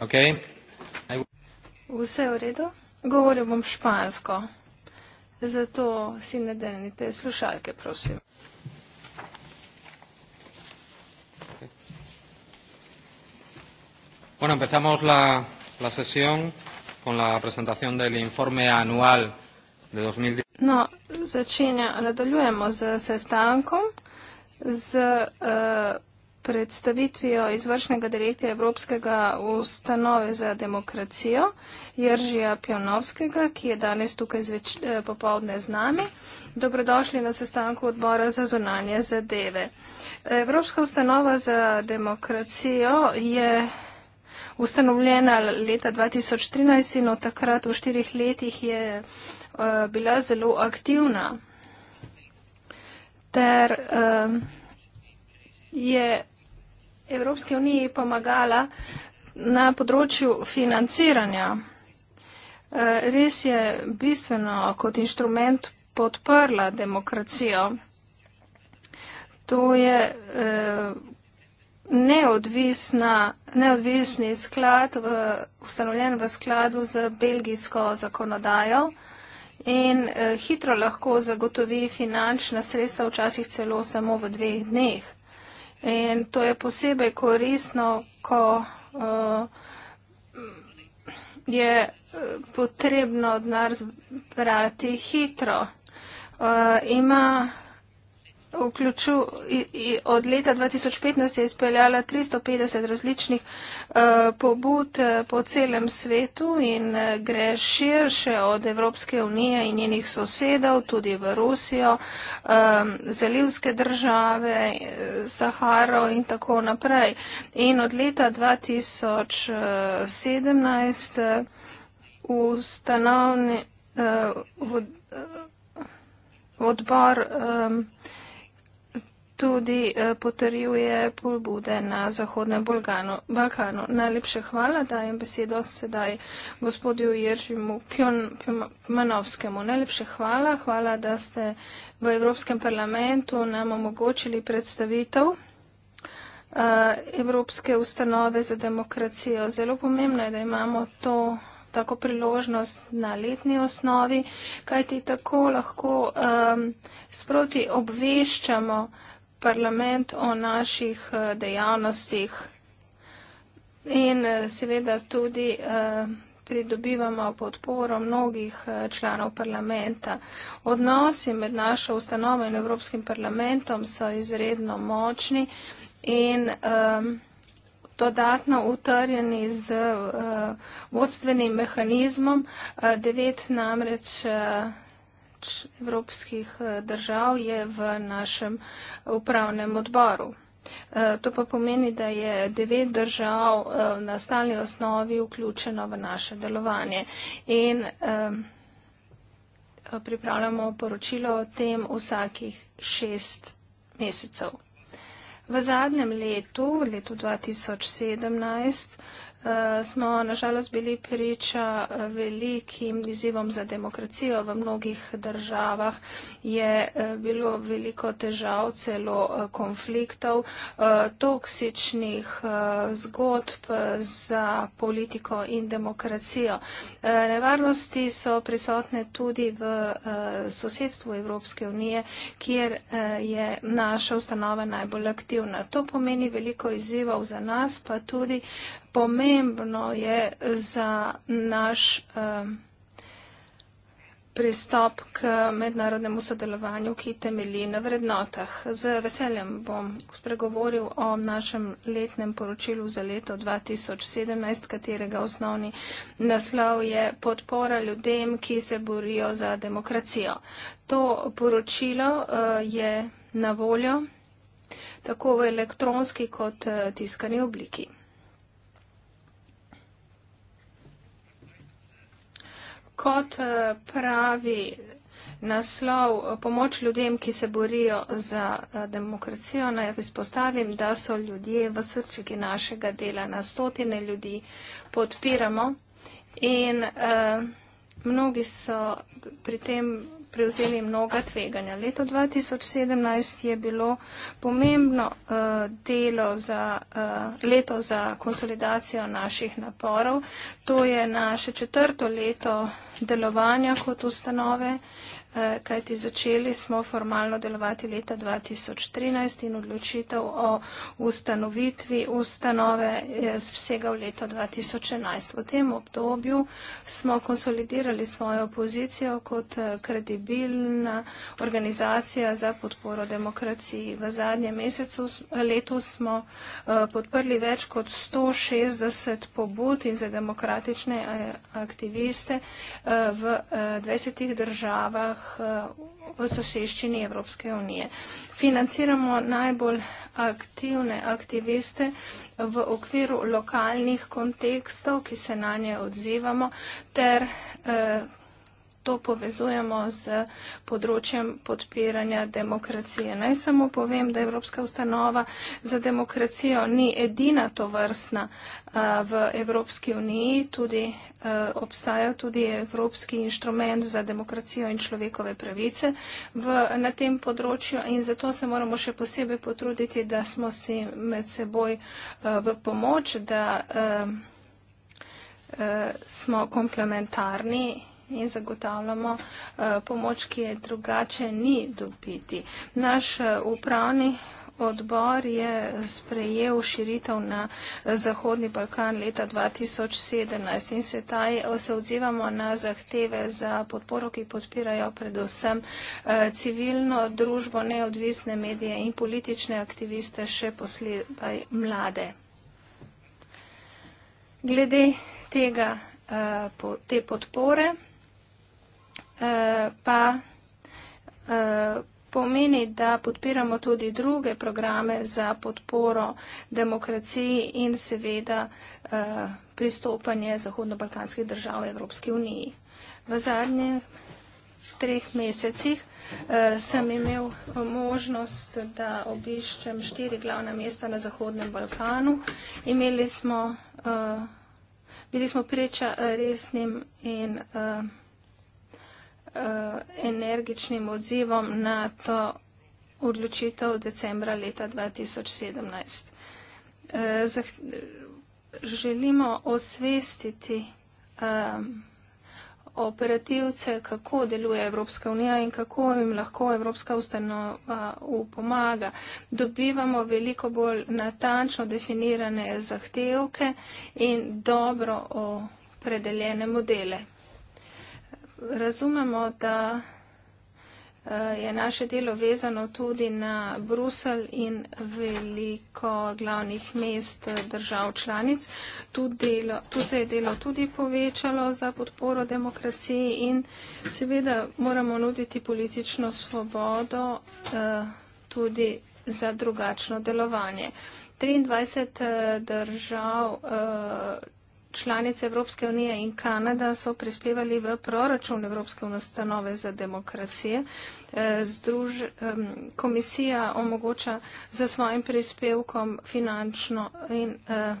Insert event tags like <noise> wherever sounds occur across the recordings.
Okay. I... Vse je v redu. Govoril bom špansko. Zato si ne denite slušalke, prosim. Okay. Bueno, empezamos la, la sesión con la presentación del informe anual de 2010. No, začenja, nadaljujemo z sestankom, z uh, predstavitvijo izvršnega direktorja Evropskega ustanove za demokracijo Jeržija Pjonovskega, ki je danes tukaj zveč, eh, popovdne z nami. Dobrodošli na sestanku odbora za zunanje zadeve. Evropska ustanova za demokracijo je ustanovljena leta 2013 in od takrat v štirih letih je eh, bila zelo aktivna ter um, je Evropski uniji pomagala na področju financiranja. Eh, res je bistveno kot inštrument podprla demokracijo. To je eh, neodvisna, neodvisni sklad, v, ustanovljen v skladu z belgijsko zakonodajo in eh, hitro lahko zagotovi finančna sredstva, včasih celo samo v dveh dneh. In to je posebej korisno, ko uh, je eh, potrebno denar zbrati hitro. Uh, ima vključu, od leta 2015 je izpeljala 350 različnih eh, pobud eh, po celem svetu in eh, gre širše od Evropske unije in njenih sosedov, tudi v Rusijo, ehm, zalivske države, Saharo in tako naprej. In od leta 2017 ustanovni v, v odbor um, tudi eh, potrjuje pobude na Zahodnem Bolganu, Balkanu. Najlepše hvala, dajem besedo sedaj gospodju Jeržimu Pjomanovskemu. Najlepše hvala, hvala, da ste v Evropskem parlamentu nam omogočili predstavitev. Eh, Evropske ustanove za demokracijo. Zelo pomembno je, da imamo to tako priložnost na letni osnovi, kajti tako lahko um, sproti obveščamo uh, parlament o naših eh, dejavnostih in eh, seveda tudi eh, pridobivamo podporo mnogih članov parlamenta. Odnosi med našo ustanovo in Evropskim parlamentom so izredno močni in ehm, dodatno utrjeni z vodstvenim mehanizmom. Devet namreč evropskih eh, držav je v našem upravnem odboru. Eh, to pa pomeni, da je devet držav eh, na stalni osnovi vključeno v naše delovanje. In pripravljamo poročilo o tem vsakih šest mesecev. V zadnjem letu, letu 2017, smo nažalost bili priča eh, velikim izzivom za demokracijo. V mnogih državah je eh, bilo veliko težav, celo eh, konfliktov, toksičnih zgodb za politiko in demokracijo. Nevarnosti so prisotne tudi v sosedstvu Evropske unije, kjer je naša ustanova najbolj aktivna. To pomeni veliko izzivov za nas, pa tudi pomembno je za naš eh, pristop k mednarodnemu sodelovanju, ki temelji na vrednotah. Z veseljem bom spregovoril o našem letnem poročilu za leto 2017, katerega osnovni naslov je podpora ljudem, ki se borijo za demokracijo. To poročilo eh, je na voljo tako v elektronski kot eh, tiskani obliki. kot eh, pravi naslov eh, pomoč ljudem, ki se borijo za eh, demokracijo, naj izpostavim, da so ljudje v srčiki našega dela. Na stotine ljudi podpiramo in uh, mnogi so pri tem prevzeli mnoga tveganja. Leto 2017 je bilo pomembno uh, delo za, uh, leto za konsolidacijo naših naporov. To je naše četrto leto delovanja kot ustanove kajti začeli smo formalno delovati leta 2013 in odločitev o ustanovitvi ustanove vsega v leto 2011. V tem obdobju smo konsolidirali svojo pozicijo kot eh, kredibilna organizacija za podporo demokraciji. V zadnjem mesecu letu smo eh, podprli več kot 160 pobud in za demokratične eh, aktiviste v 20 državah državah eh, v soseščini Evropske unije. Financiramo najbolj aktivne aktiviste v okviru lokalnih kontekstov, ki se na nje odzivamo, ter eh, to povezujemo z področjem podpiranja demokracije. Naj samo povem, da Evropska ustanova za demokracijo ni edina to vrstna v Evropski uniji, tudi obstaja tudi Evropski inštrument za demokracijo in človekove pravice v, na tem področju in zato se moramo še posebej potruditi, da smo si med seboj v pomoč, da smo komplementarni in zagotavljamo eh, pomoč, ki je drugače ni dobiti. Naš eh, upravni odbor je sprejel širitev na eh, Zahodni Balkan leta 2017 in se taj se odzivamo na zahteve za podporo, ki podpirajo predvsem civilno družbo, neodvisne medije in politične aktiviste, še posebej mlade. Glede tega, te podpore, Eh, pa eh, pomeni, da podpiramo tudi druge programe za podporo demokraciji in seveda eh, pristopanje Zahodno-Balkanskih držav Evropske unije. V zadnjih treh mesecih sem imel možnost, da obiščem štiri glavna mesta na Zahodnem Balkanu. Imeli smo, bili smo priča resnim in vsega, Eh, energičnim odzivom na to odločitev decembra leta 2017. Eh, želimo osvestiti eh, operativce, kako deluje Evropska unija in kako jim lahko Evropska ustanova upomaga. Dobivamo veliko bolj natančno definirane zahtevke in dobro opredeljene modele razumemo, da eh, je naše delo vezano tudi na Brusel in veliko glavnih mest eh, držav članic. Tu, delo, tu se je delo tudi povečalo za podporo demokraciji in seveda moramo nuditi politično svobodo eh, tudi za drugačno delovanje. 23 držav članice Evropske unije in Kanada so prispevali v proračun Evropske ustanove za demokracije. Eh, združ, komisija omogoča za svojim prispevkom finančno in eh,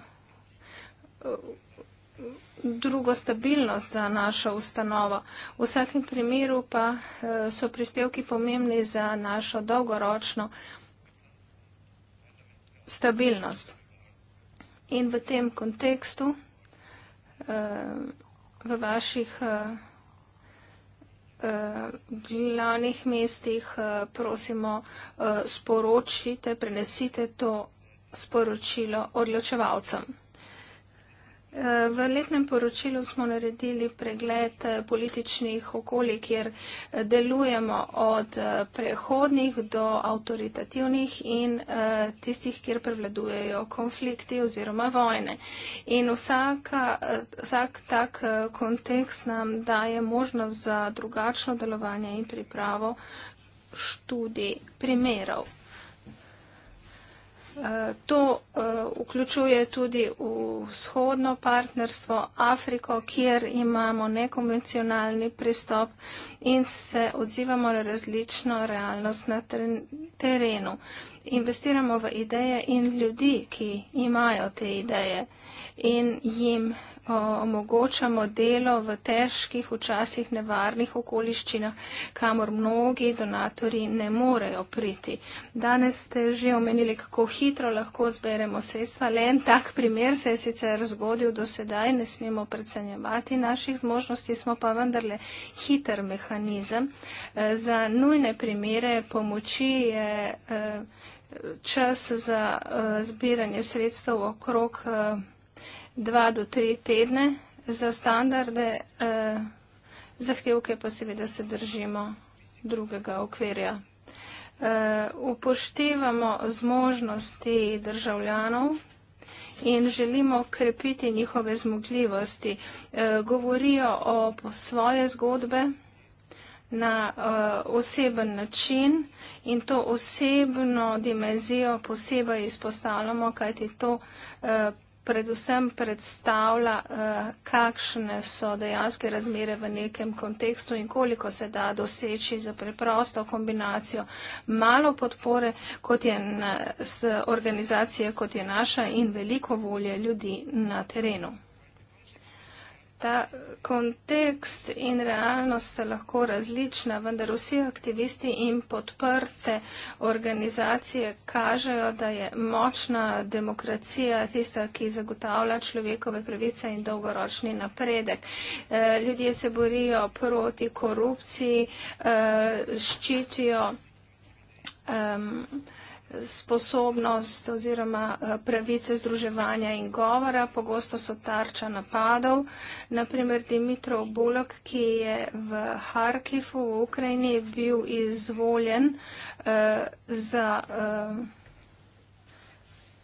drugo stabilnost za našo ustanovo. V vsakem primeru pa eh, so prispevki pomembni za našo dolgoročno stabilnost. In v tem kontekstu v vaših eh, eh, glavnih mestih, eh, prosimo, sporočite, prenesite to sporočilo odločevalcem. V letnem poročilu smo naredili pregled eh, političnih okolij, kjer eh, delujemo od eh, prehodnih do avtoritativnih in tistih, kjer prevladujejo konflikti oziroma vojne. In vsaka, vsak tak kontekst nam daje možnost za drugačno delovanje in pripravo študij primerov. To eh, vključuje tudi vzhodno partnerstvo, Afriko, kjer imamo nekonvencionalni pristop in se odzivamo na različno realnost na terenu. Investiramo v ideje in ljudi, ki imajo te ideje in jim omogočamo delo v težkih, včasih nevarnih okoliščinah, kamor mnogi donatori ne morejo priti. Danes ste že omenili, kako hitro lahko zberemo sredstva. Le en tak primer se je sicer zgodil do sedaj, ne smemo predsanjevati naših zmožnosti, smo pa vendarle hiter mehanizem. E, za nujne primere pomoči je e, čas za e, zbiranje sredstev okrog dva do tri tedne za standarde, eh, zahtevke pa seveda se držimo drugega okvirja. Eh, upoštevamo zmožnosti državljanov in želimo krepiti njihove zmogljivosti. Eh, govorijo o svoje zgodbe na uh, oseben način in to osebno dimenzijo posebej izpostavljamo, kajti to uh, predvsem predstavlja, eh, kakšne so dejanske razmere v nekem kontekstu in koliko se da doseči za preprosto kombinacijo malo podpore, kot je organizacija, kot je naša in veliko volje ljudi na terenu ta kontekst in realnost sta lahko različna, vendar vsi aktivisti in podprte organizacije kažejo, da je močna demokracija tista, ki zagotavlja človekove pravice in dolgoročni napredek. E, ljudje se borijo proti korupciji, e, ščitijo. Um, sposobnost oziroma eh, pravice združevanja in govora, pogosto so tarča napadov. Naprimer, Dimitrov Bulok, ki je v Harkivu v Ukrajini bil izvoljen uh, za uh,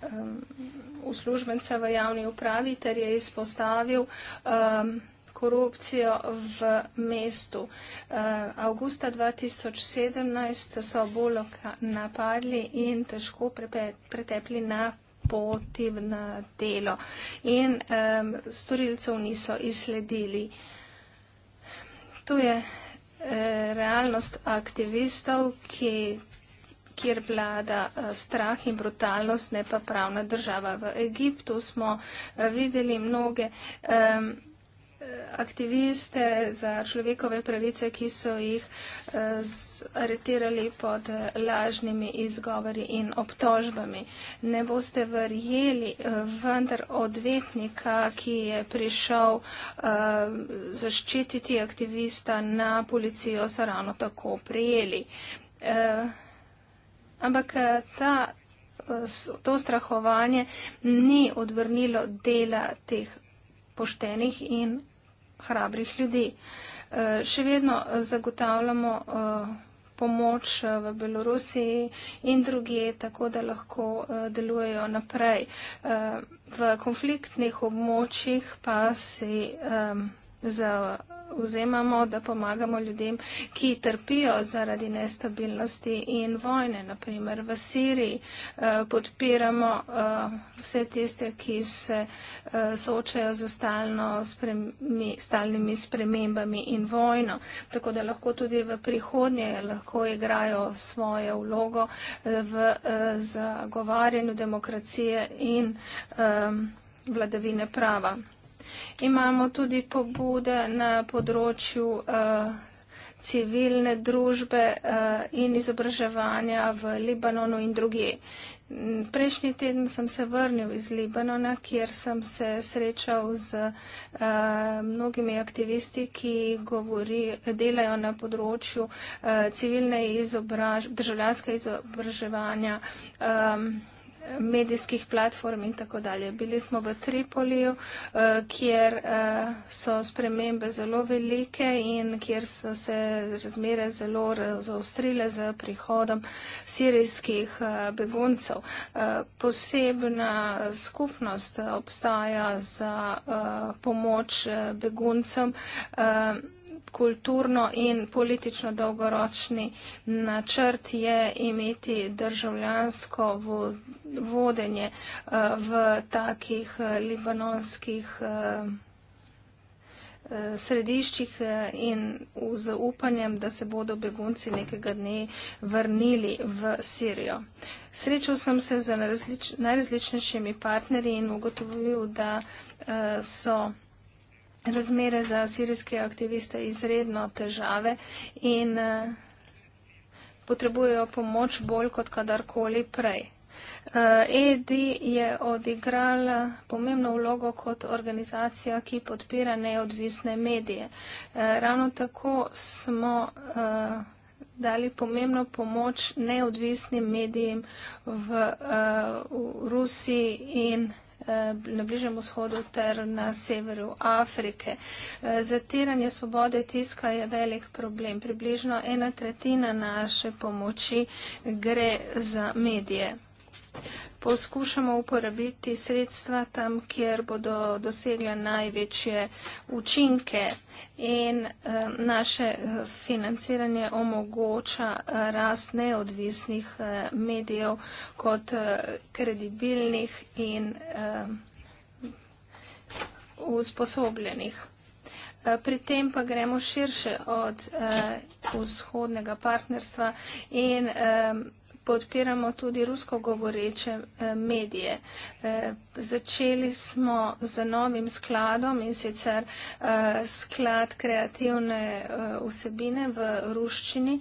um, uslužbence v javni upravi, ter je izpostavil um, korupcijo v mestu. Eh, Augusta 2017 so Bullock napadli in težko pretepli na poti v delo in um, storilcev niso izsledili. To je eh, realnost aktivistov, ki, kjer vlada eh, strah in brutalnost, ne pa pravna država. V Egiptu smo videli mnoge um, aktiviste za človekove pravice, ki so jih eh, aretirali pod eh, lažnimi izgovori in obtožbami. Ne boste verjeli, eh, vendar odvetnika, ki je prišel zaščititi aktivista na policijo, so ravno tako prijeli. Ampak ta, to strahovanje ni odvrnilo dela teh poštenih in hrabrih ljudi. Eh, še vedno eh, zagotavljamo eh, pomoč v Belorusiji in druge, tako da lahko delujejo naprej. V konfliktnih območjih pa si za vzemamo, da pomagamo ljudem, ki trpijo zaradi nestabilnosti in vojne. Naprimer v Siriji eh, podpiramo eh, vse tiste, ki se eh, soočajo z spremi, stalnimi spremembami in vojno. Tako da lahko tudi v prihodnje lahko igrajo svojo vlogo v zagovarjanju demokracije in vladavine prava. Imamo tudi pobude na področju eh, civilne družbe eh, in izobraževanja v Libanonu in druge. Prejšnji teden sem se vrnil iz Libanona, kjer sem se srečal z uh, mnogimi aktivisti, ki govori, delajo na področju uh, civilne izobraž, državljanske izobraževanja. Um, medijskih platform in tako dalje. Bili smo v Tripoliju, eh, kjer eh, so spremembe zelo velike in kjer so se razmere zelo zaostrile z prihodom sirijskih eh, beguncev. Posebna skupnost obstaja za pomoč beguncem kulturno in politično dolgoročni načrt je imeti državljansko vodenje eh, v takih eh, libanonskih eh, središčih in z upanjem, da se bodo begunci nekega dne vrnili v Sirijo. Srečal sem se z najrazličnejšimi partnerji in ugotovil, da so razmere za sirijske aktiviste izredno težave in eh, potrebujejo pomoč bolj kot kadarkoli prej. EDI eh, e je odigrala pomembno vlogo kot organizacija, ki podpira neodvisne medije. Eh, ravno tako smo dali pomembno pomoč neodvisnim medijem v, v Rusiji in Rusiji. Eh, na Bližnem vzhodu ter na severu Afrike. Eh, zatiranje svobode tiska je velik problem. Približno ena tretjina naše pomoči gre za medije. Poskušamo uporabiti sredstva tam, kjer bodo dosegle največje učinke in eh, naše eh, financiranje omogoča eh, rast neodvisnih medijev kot kredibilnih in usposobljenih. Pri tem pa gremo širše od vzhodnega partnerstva in vzhodnega partnerstva podpiramo tudi rusko govoreče eh, medije. Eh, začeli smo z novim skladom in sicer eh, sklad kreativne vsebine v ruščini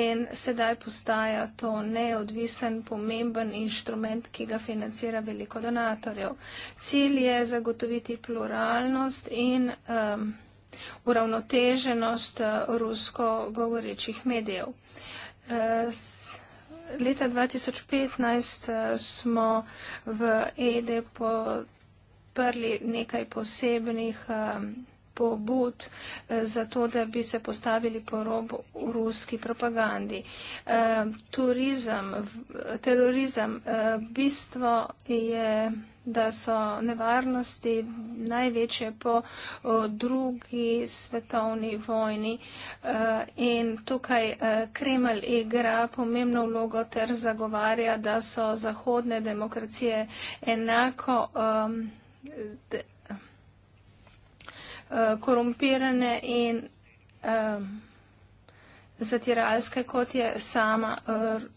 in sedaj postaja to neodvisen, pomemben inštrument, ki ga financira veliko donatorjev. Cilj je zagotoviti pluralnost in uravnoteženost rusko govorečih medijev leta 2015 eh, smo v EDE e podprli nekaj posebnih eh, pobud eh, za to, da bi se postavili po robu v ruski propagandi. Turizem, terorizem, bistvo je da so nevarnosti največje po drugi svetovni vojni e, in tukaj e, Kremelj igra pomembno vlogo ter zagovarja, da so zahodne demokracije enako e, korumpirane in zatiralske, kot je sama,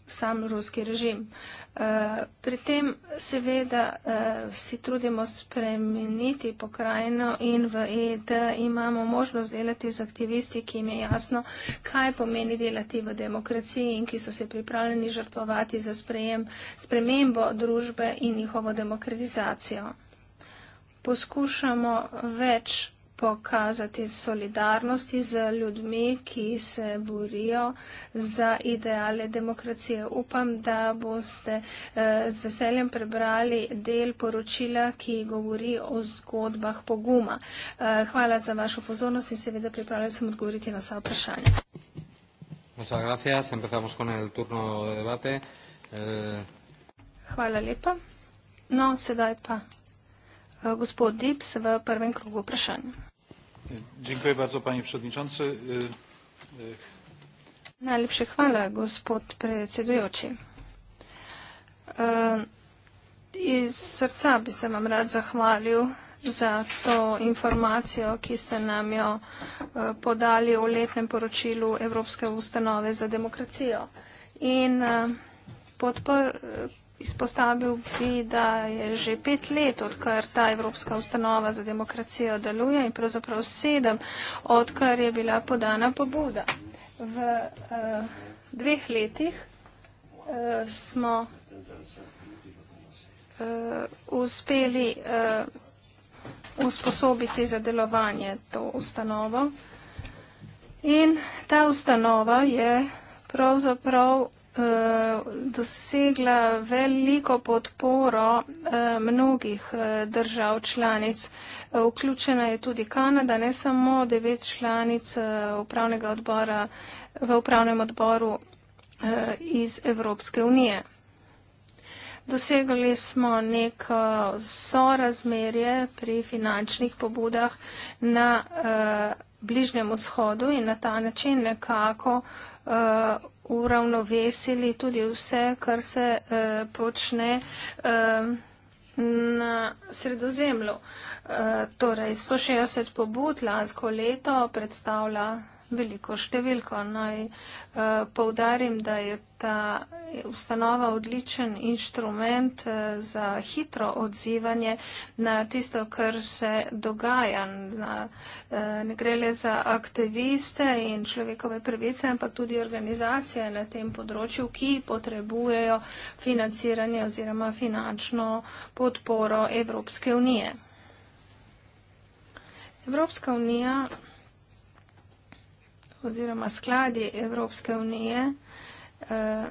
sam ruski režim. Pri tem seveda eh, si trudimo spremeniti pokrajino in v ED imamo možnost delati z aktivisti, ki jim je jasno, kaj pomeni delati v demokraciji in ki so se pripravljeni žrtvovati za sprejem, spremembo družbe in njihovo demokratizacijo. Poskušamo več pokazati solidarnosti z ljudmi, ki se borijo za ideale demokracije. Upam, da boste eh, z veseljem prebrali del poročila, ki govori o zgodbah poguma. Eh, hvala za vašo pozornost in seveda pripravljam sem odgovoriti na vsa vprašanja. Muchas gracias. Empezamos con el turno de debate. Eh... Hvala lepa. No, sedaj pa. Eh, gospod Dips v prvem krogu vprašanja. Dziękuję bardzo, panie przewodniczący. Najlepsze chwale, gospod predsedujący. E, Iz srca bi se vam rad zahvalil za to informacijo, ki ste nam jo e, podali v letnem poročilu Evropske ustanove za demokracijo. In e, podpor, Izpostavil bi, da je že pet let, odkar ta Evropska ustanova za demokracijo deluje in pravzaprav sedem, odkar je bila podana pobuda. V uh, dveh letih uh, smo uh, uspeli uh, usposobiti za delovanje to ustanovo in ta ustanova je pravzaprav dosegla veliko podporo eh, mnogih eh, držav članic. Vključena je tudi Kanada, ne samo devet članic eh, upravnega odbora v upravnem odboru iz Evropske unije. Dosegli smo neko sorazmerje pri finančnih pobudah na uh, Bližnjem vzhodu in na ta način nekako uh, uravnovesili tudi vse, kar se e, počne e, na sredozemlju. E, torej, 160 pobud lansko leto predstavlja veliko številko. Naj Eh, poudarim, da je ta ustanova odličen inštrument eh, za hitro odzivanje na tisto, kar se dogaja. Na, eh, ne gre le za aktiviste in človekove pravice, ampak tudi organizacije na tem področju, ki potrebujejo financiranje oziroma finančno podporo Evropske unije. Evropska unija oziroma skladi Evropske unije eh,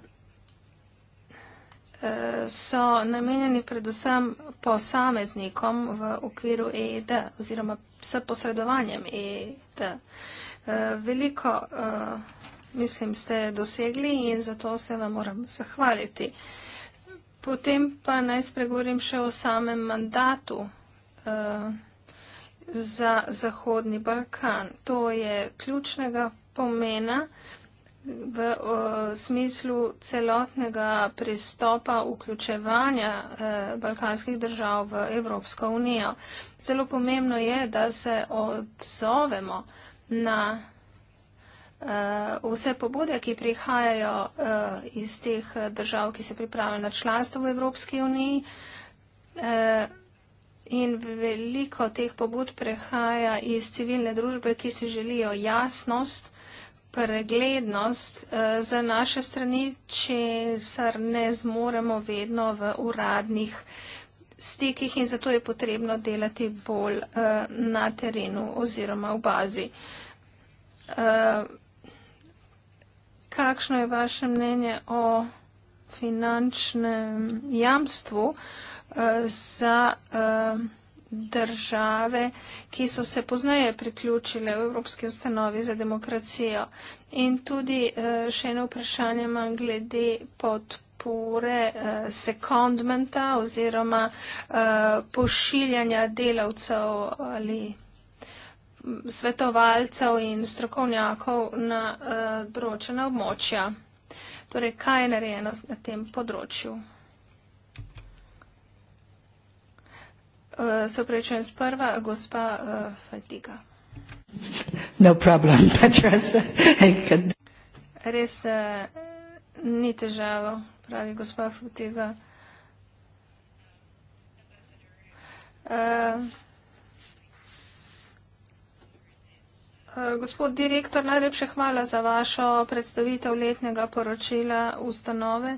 eh, so namenjeni predvsem posameznikom v okviru EED oziroma s posredovanjem EED. Eh, veliko, mislim, ste dosegli in zato se vam moram zahvaliti. Potem pa naj spregovorim še o samem mandatu za Zahodni Balkan. To je ključnega pomena v o, smislu celotnega pristopa vključevanja e, balkanskih držav v Evropsko unijo. Zelo pomembno je, da se odzovemo na e, vse pobude, ki prihajajo e, iz teh držav, ki se pripravljajo na članstvo v Evropski uniji. E, In veliko teh pobud prehaja iz civilne družbe, ki si želijo jasnost uh, preglednost uh, za naše strani, če sar ne zmoremo vedno v uradnih stikih in zato je potrebno delati bolj uh, na terenu oziroma v bazi. Uh, kakšno je vaše mnenje o finančnem jamstvu uh, za. Uh, države, ki so se poznaje priključile v Evropski ustanovi za demokracijo. In tudi eh, še eno vprašanje imam glede podpore eh, secondmenta oziroma eh, pošiljanja delavcev ali svetovalcev in strokovnjakov na določena območja. Torej, kaj je narejeno na tem področju? Eh, se upravičujem, sprva gospa uh, eh, Fatiga. No problem, Petras. <laughs> Can... Res uh, ni težava, pravi gospa Fatiga. Uh, gospod direktor, najlepše hvala za vašo predstavitev letnega poročila ustanove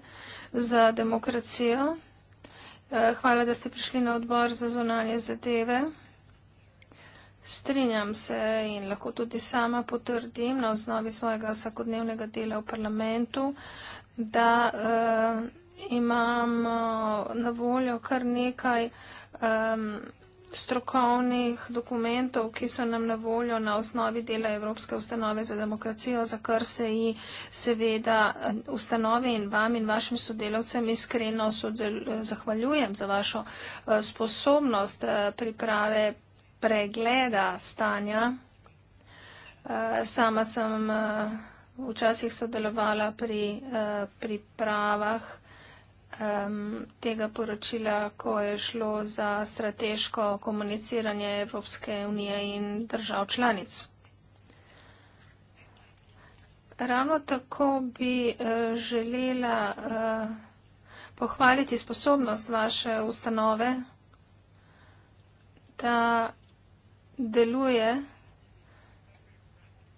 za demokracijo. Eh, hvala, da ste prišli na odbor za zunanje zadeve. Strinjam se in lahko tudi sama potrdim na osnovi svojega vsakodnevnega dela v parlamentu, da uh, eh, imam uh, na voljo kar nekaj um, strokovnih dokumentov, ki so nam na voljo na osnovi dela Evropske ustanove za demokracijo, za kar se ji seveda eh, ustanovi in vam in vašim sodelavcem iskreno sodel zahvaljujem za vašo eh, sposobnost eh, priprave pregleda stanja. Sama sem včasih sodelovala pri pripravah um, tega poročila, ko je šlo za strateško komuniciranje Evropske unije in držav članic. Ravno tako bi uh, želela uh, pohvaliti sposobnost vaše ustanove, da deluje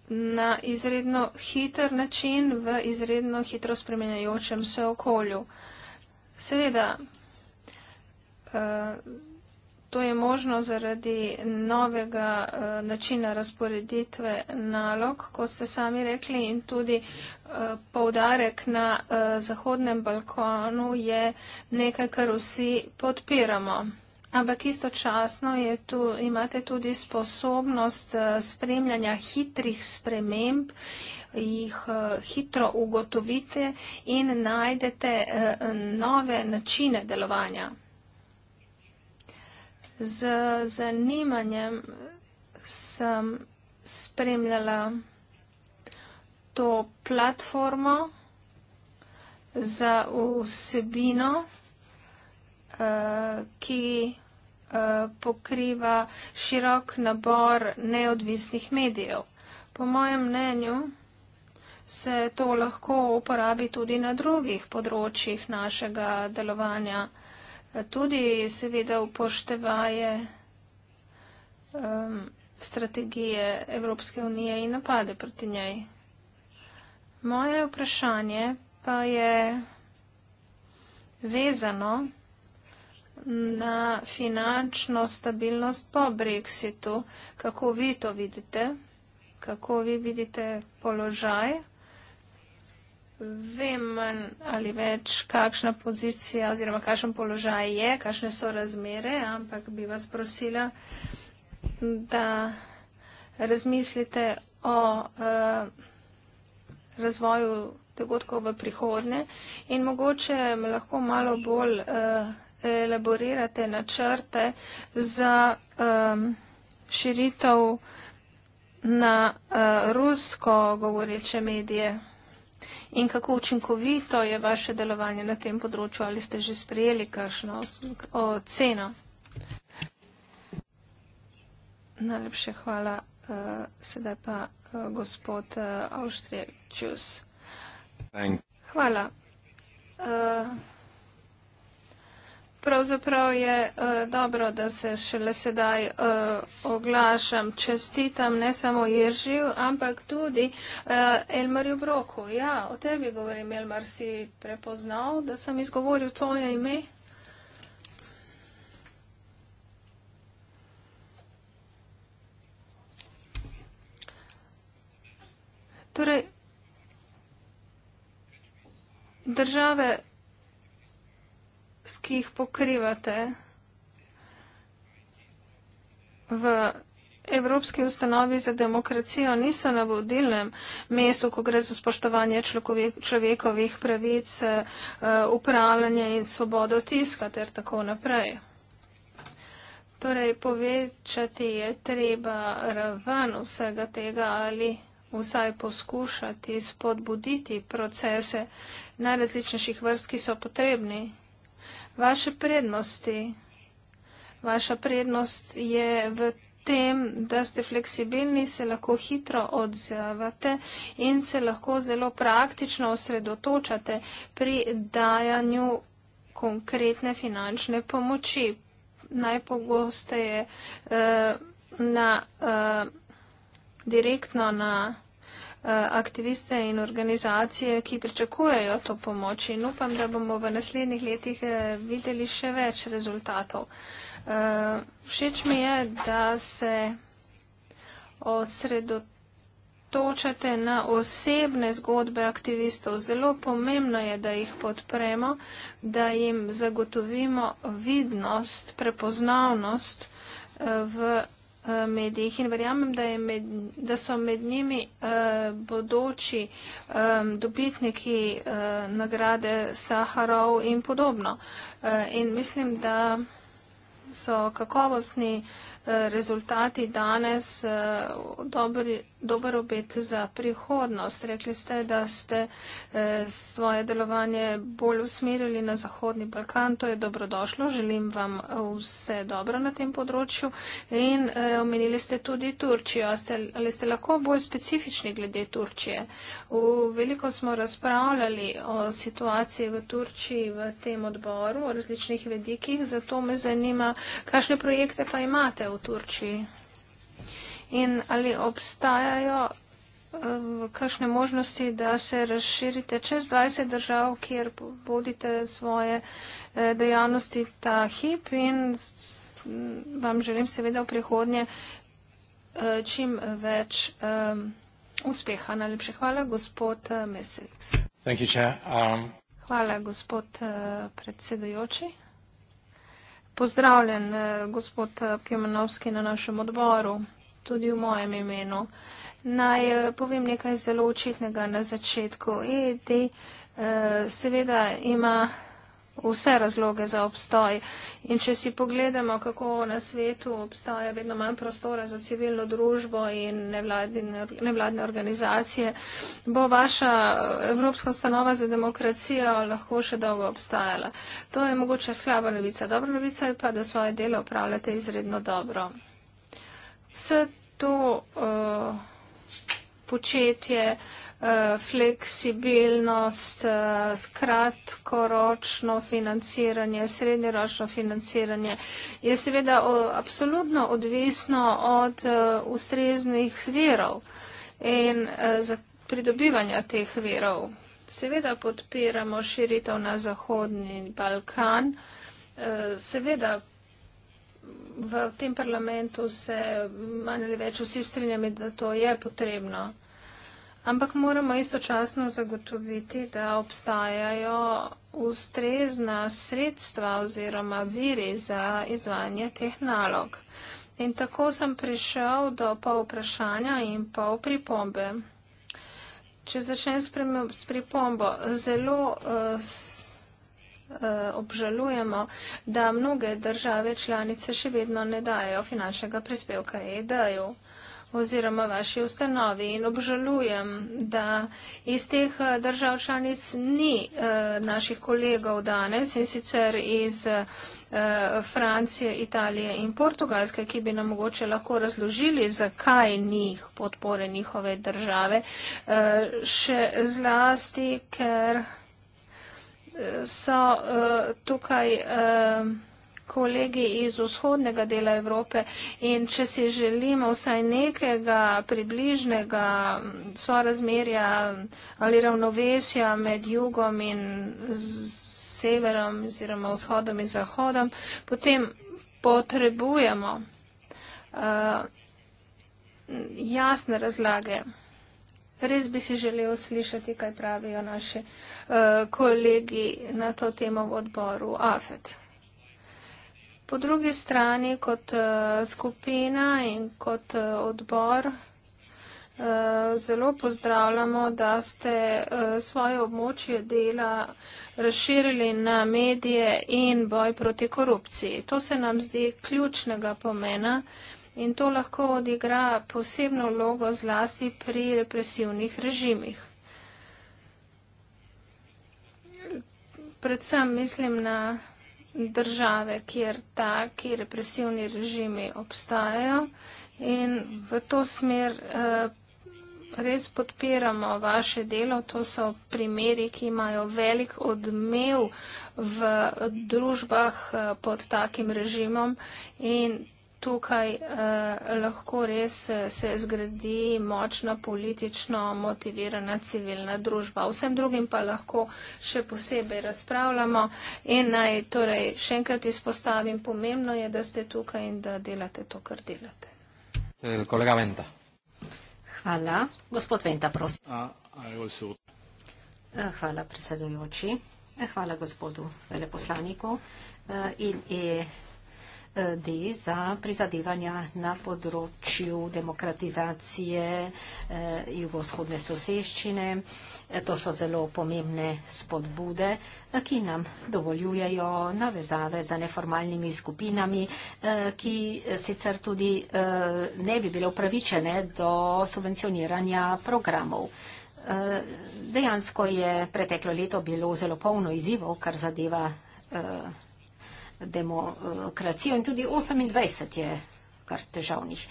na izredno hiter način v izredno hitro spremenjajočem se okolju. Uh, Seveda, uh, to je možno zaradi novega uh, načina razporeditve nalog, kot ste sami rekli, in tudi uh, eh, povdarek na uh, Zahodnem Balkonu je nekaj, kar vsi podpiramo. Ampak istočasno tu, imate tudi sposobnost uh, spremljanja hitrih sprememb uh, jih eh, hitro ugotovite in najdete eh, nove načine delovanja. Z zanimanjem sem spremljala to platformo za vsebino, eh, ki pokriva širok nabor neodvisnih medijev. Po mojem mnenju, se to lahko uporabi tudi na drugih področjih našega delovanja, tudi seveda upoštevaje um, strategije Evropske unije in napade proti njej. Moje vprašanje pa je vezano na finančno stabilnost po Brexitu. Kako vi to vidite? Kako vi vidite položaj? vem ali več, kakšna pozicija oziroma kakšen položaj je, kakšne so razmere, ampak bi vas prosila, da razmislite o uh, razvoju dogodkov v prihodne in mogoče lahko malo bolj uh, elaborirate načrte za um, širitev na uh, rusko govoreče medije. In kako učinkovito je vaše delovanje na tem področju? Ali ste že sprejeli kakšno oceno? Najlepše hvala. Eh, sedaj pa eh, gospod eh, Avštrijevčus. Hvala. Uh, pravzaprav je uh, dobro, da se šele sedaj uh, oglašam, čestitam ne samo Jiržiju, ampak tudi uh, Elmarju Broku. Ja, o tebi govorim, Elmar, si prepoznal, da sem izgovoril tvoje ime? Torej, države ki jih pokrivate v Evropski ustanovi za demokracijo, niso na vodilnem mestu, ko gre za spoštovanje človekovih pravic, eh, upravljanje in svobodo tiska ter tako naprej. Torej, povečati je treba raven vsega tega ali vsaj poskušati spodbuditi procese najrazličnejših vrst, ki so potrebni vaše prednosti. Vaša prednost je v tem, da ste fleksibilni, se lahko hitro odzivate in se lahko zelo praktično osredotočate pri dajanju konkretne finančne pomoči. Najpogosteje uh, na, uh, direktno na Eh, aktiviste in organizacije, ki pričakujejo to pomoč in upam, da bomo v naslednjih letih eh, videli še več rezultatov. Eh, všeč mi je, da se osredotočate na osebne zgodbe aktivistov. Zelo pomembno je, da jih podpremo, da jim zagotovimo vidnost, prepoznavnost v Eh, medijih in verjamem, da, med, da so med njimi uh, bodoči um, dobitniki uh, nagrade Saharov in podobno. Uh, in mislim, da so kakovostni uh, Eh, rezultati danes eh, dobri, dober obet za prihodnost. Rekli ste, da ste eh, svoje delovanje bolj usmerili na Zahodni Balkan. To je dobrodošlo. Želim vam vse dobro na tem področju. In omenili ste tudi Turčijo. Ste, ali ste lahko bolj specifični glede Turčije? V veliko smo razpravljali o situaciji v Turčiji v tem odboru, o različnih vedikih. Zato me zanima, kakšne projekte pa imate v Turčiji. In ali obstajajo eh, kakšne možnosti, da se razširite čez 20 držav, kjer vodite svoje eh, dejavnosti ta hip in vam želim seveda v prihodnje eh, čim več um, uspeha. Najlepše hvala, gospod Mesec. Thank you, chair. Um... Hvala, gospod uh, predsedujoči. Pozdravljen, eh, gospod Pjemenovski, na našem odboru, tudi v mojem imenu. Naj eh, povem nekaj zelo očitnega na začetku. EED eh, seveda ima vse razloge za obstoj. In če si pogledamo, kako na svetu obstaja vedno manj prostora za civilno družbo in nevladne, nevladne organizacije, bo vaša Evropska ustanova za demokracijo lahko še dolgo obstajala. To je mogoče slaba novica. Dobra novica je pa, da svoje delo upravljate izredno dobro. Vse to uh, početje. Eh, fleksibilnost, eh, kratkoročno financiranje, srednjeročno financiranje je seveda absolutno odvisno od eh, ustreznih verov in pridobivanja teh verov. Seveda podpiramo širitev na Zahodni Balkan, seveda v tem parlamentu se manj ali več vsi strinjamo, da to je potrebno ampak moramo istočasno zagotoviti, da obstajajo ustrezna sredstva oziroma viri za izvajanje teh nalog. In tako sem prišel do pol vprašanja in pol pripombe. Če začnem s pripombo, zelo eh, eh, obžalujemo, da mnoge države članice še vedno ne dajo finančnega prispevka EDA-ju oziroma vaši ustanovi in obžalujem, da iz teh eh, držav članic ni eh, naših kolegov danes in sicer iz eh, Francije, Italije in Portugalske, ki bi nam mogoče lahko razložili, zakaj njih podpore njihove države, še zlasti, ker so tukaj kolegi iz vzhodnega dela Evrope in če si želimo vsaj nekega približnega sorazmerja ali ravnovesja med jugom in severom oziroma vzhodom in zahodom, potem potrebujemo uh, jasne razlage. Res bi si želel slišati, kaj pravijo naši uh, kolegi na to temo v odboru AFET. Po drugi strani, kot eh, skupina in kot eh, odbor, eh, zelo pozdravljamo, da ste svoje območje dela razširili na medije in boj proti korupciji. To se nam zdi ključnega pomena in to lahko odigra posebno vlogo zlasti pri represivnih režimih. Predvsem mislim na države, kjer taki represivni režimi obstajajo. In v to smer eh, res podpiramo vaše delo. To so primeri, ki imajo velik odmev v družbah eh, pod takim režimom. In tukaj eh, lahko res eh, se zgradi močna politično motivirana civilna družba. Vsem drugim pa lahko še posebej razpravljamo in naj torej še enkrat izpostavim, pomembno je, da ste tukaj in da delate to, kar delate. Eh, kolega Venta. Hvala. Gospod Venta, prosim. Eh, hvala, predsedujoči. Hvala gospodu veleposlaniku in je D za prizadevanja na področju demokratizacije eh, jugovzhodne soseščine. Eh, to so zelo pomembne spodbude, eh, ki nam dovoljujejo navezave za neformalnimi skupinami, ki sicer tudi ne bi bile upravičene do subvencioniranja programov. Dejansko je preteklo leto bilo zelo polno izzivov, kar zadeva demokracijo in tudi 28 je kar težavnih.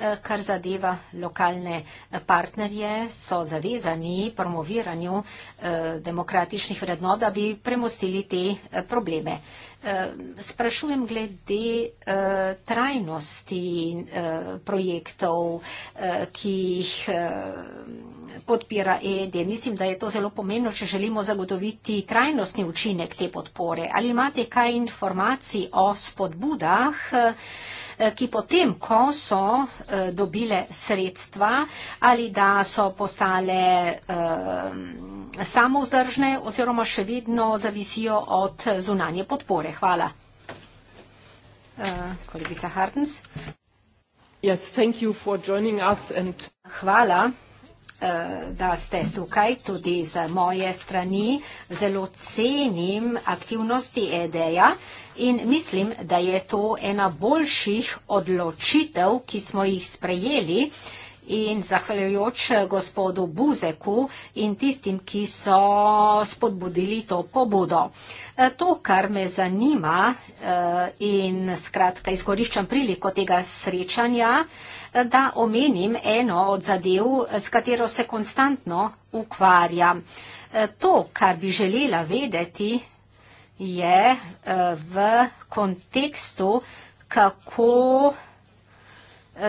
Eh, kar zadeva lokalne partnerje, so zavezani promoviranju eh, demokratičnih vrednot, da bi premostili te eh, probleme sprašujem glede eh, trajnosti eh, projektov, eh, ki jih podpira EDE. Mislim, da je to zelo pomembno, če želimo zagotoviti trajnostni učinek te podpore. Ali imate kaj informacij o spodbudah, ki potem, ko so dobile sredstva ali da so postale samovzdržne oziroma še vedno zavisijo od zunanje podpore? hvala. Uh, kolegica Hartens. Yes, thank you for joining us and... Hvala, eh, da ste tukaj tudi z moje strani. Zelo cenim aktivnosti EDEA in mislim, da je to ena boljših odločitev, ki smo jih sprejeli. Uh, in zahvaljujoč eh, gospodu Buzeku in tistim, ki so spodbudili to pobudo. Eh, to, kar me zanima eh, in skratka izkoriščam priliko tega srečanja, da omenim eno od zadev, s katero se konstantno ukvarjam. To, kar bi želela vedeti, je v kontekstu, kako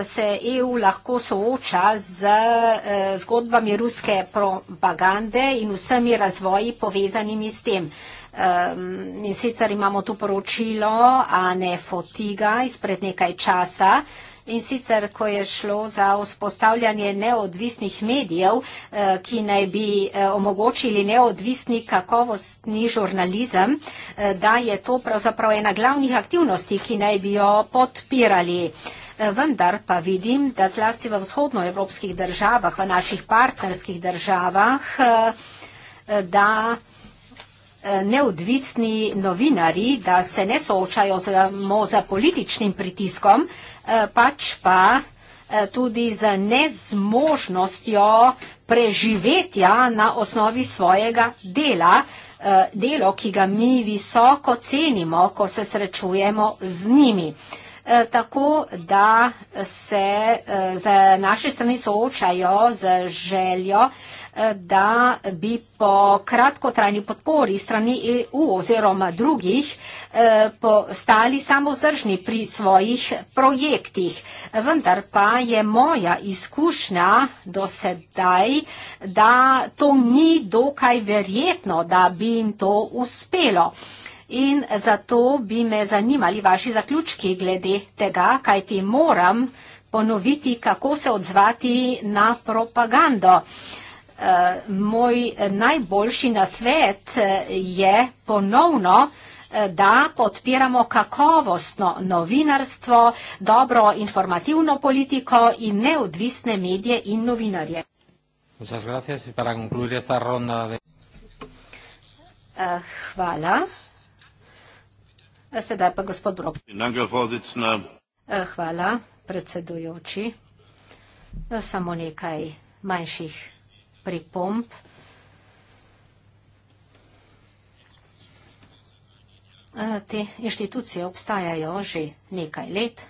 se EU lahko sooča z eh, zgodbami ruske propagande in vsemi razvoji povezanimi s tem. Ehm, in sicer imamo tu poročilo Ane Fotiga izpred nekaj časa. In sicer, ko je šlo za vzpostavljanje neodvisnih medijev, eh, ki naj bi eh, omogočili neodvisni kakovostni žurnalizem, da je to pravzaprav ena glavnih aktivnosti, ki naj bi jo podpirali. Eh, vendar pa vidim, da zlasti v vzhodnoevropskih državah, v naših partnerskih državah, eh, eh, da neodvisni novinari, da se ne soočajo z, mo, z političnim pritiskom, pač pa tudi z nezmožnostjo preživetja na osnovi svojega dela, delo, ki ga mi visoko cenimo, ko se srečujemo z njimi. Eh, tako da se eh, z naše strani soočajo z željo, eh, da bi po kratkotrajni podpori strani EU oziroma drugih postali samozdržni pri svojih projektih. Vendar pa je moja izkušnja do sedaj, da to ni dokaj verjetno, da bi jim to uspelo. In zato bi me zanimali vaši zaključki glede tega, kaj ti moram ponoviti, kako se odzvati na propagando. Eh, moj najboljši nasvet eh, je ponovno, eh, da podpiramo kakovostno novinarstvo, dobro informativno politiko in neodvisne medije in novinarje. Hvala. Sedaj pa gospod Brok. Eh, hvala, predsedujoči. Eh, samo nekaj manjših pripomb. Eh, te inštitucije obstajajo že nekaj let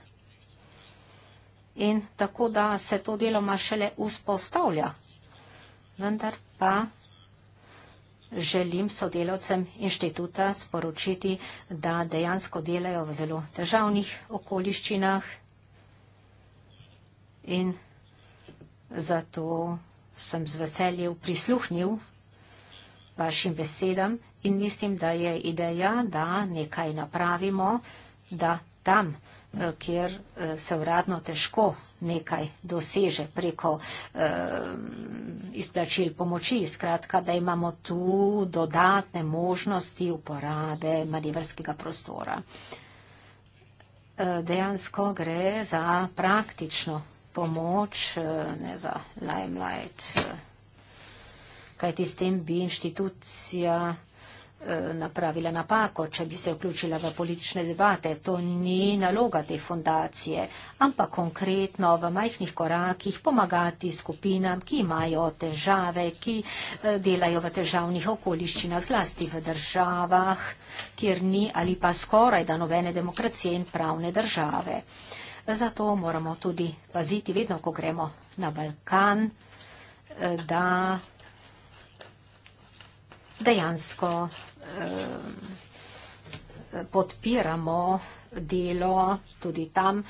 in tako, da se to deloma šele vzpostavlja, vendar pa želim sodelavcem inštituta sporočiti, da dejansko delajo v zelo težavnih okoliščinah in zato sem z veseljem prisluhnil vašim besedam in mislim, da je ideja, da nekaj napravimo, da tam, eh, kjer eh, se uradno težko nekaj doseže preko eh, izplačil pomoči. Skratka, da imamo tu dodatne možnosti uporabe manevrskega prostora. Eh, dejansko gre za praktično pomoč, eh, ne za limelight. Eh, kajti s tem bi inštitucija. Eh, Eh, napravila napako, če bi se vključila v politične debate. To ni naloga te fundacije, ampak konkretno v majhnih korakih pomagati skupinam, ki imajo težave, ki eh, delajo v težavnih okoliščinah, zlasti v državah, kjer ni ali pa skoraj da nobene demokracije in pravne države. Zato moramo tudi paziti, vedno ko gremo na Balkan, eh, da dejansko eh, podpiramo delo tudi tam, eh,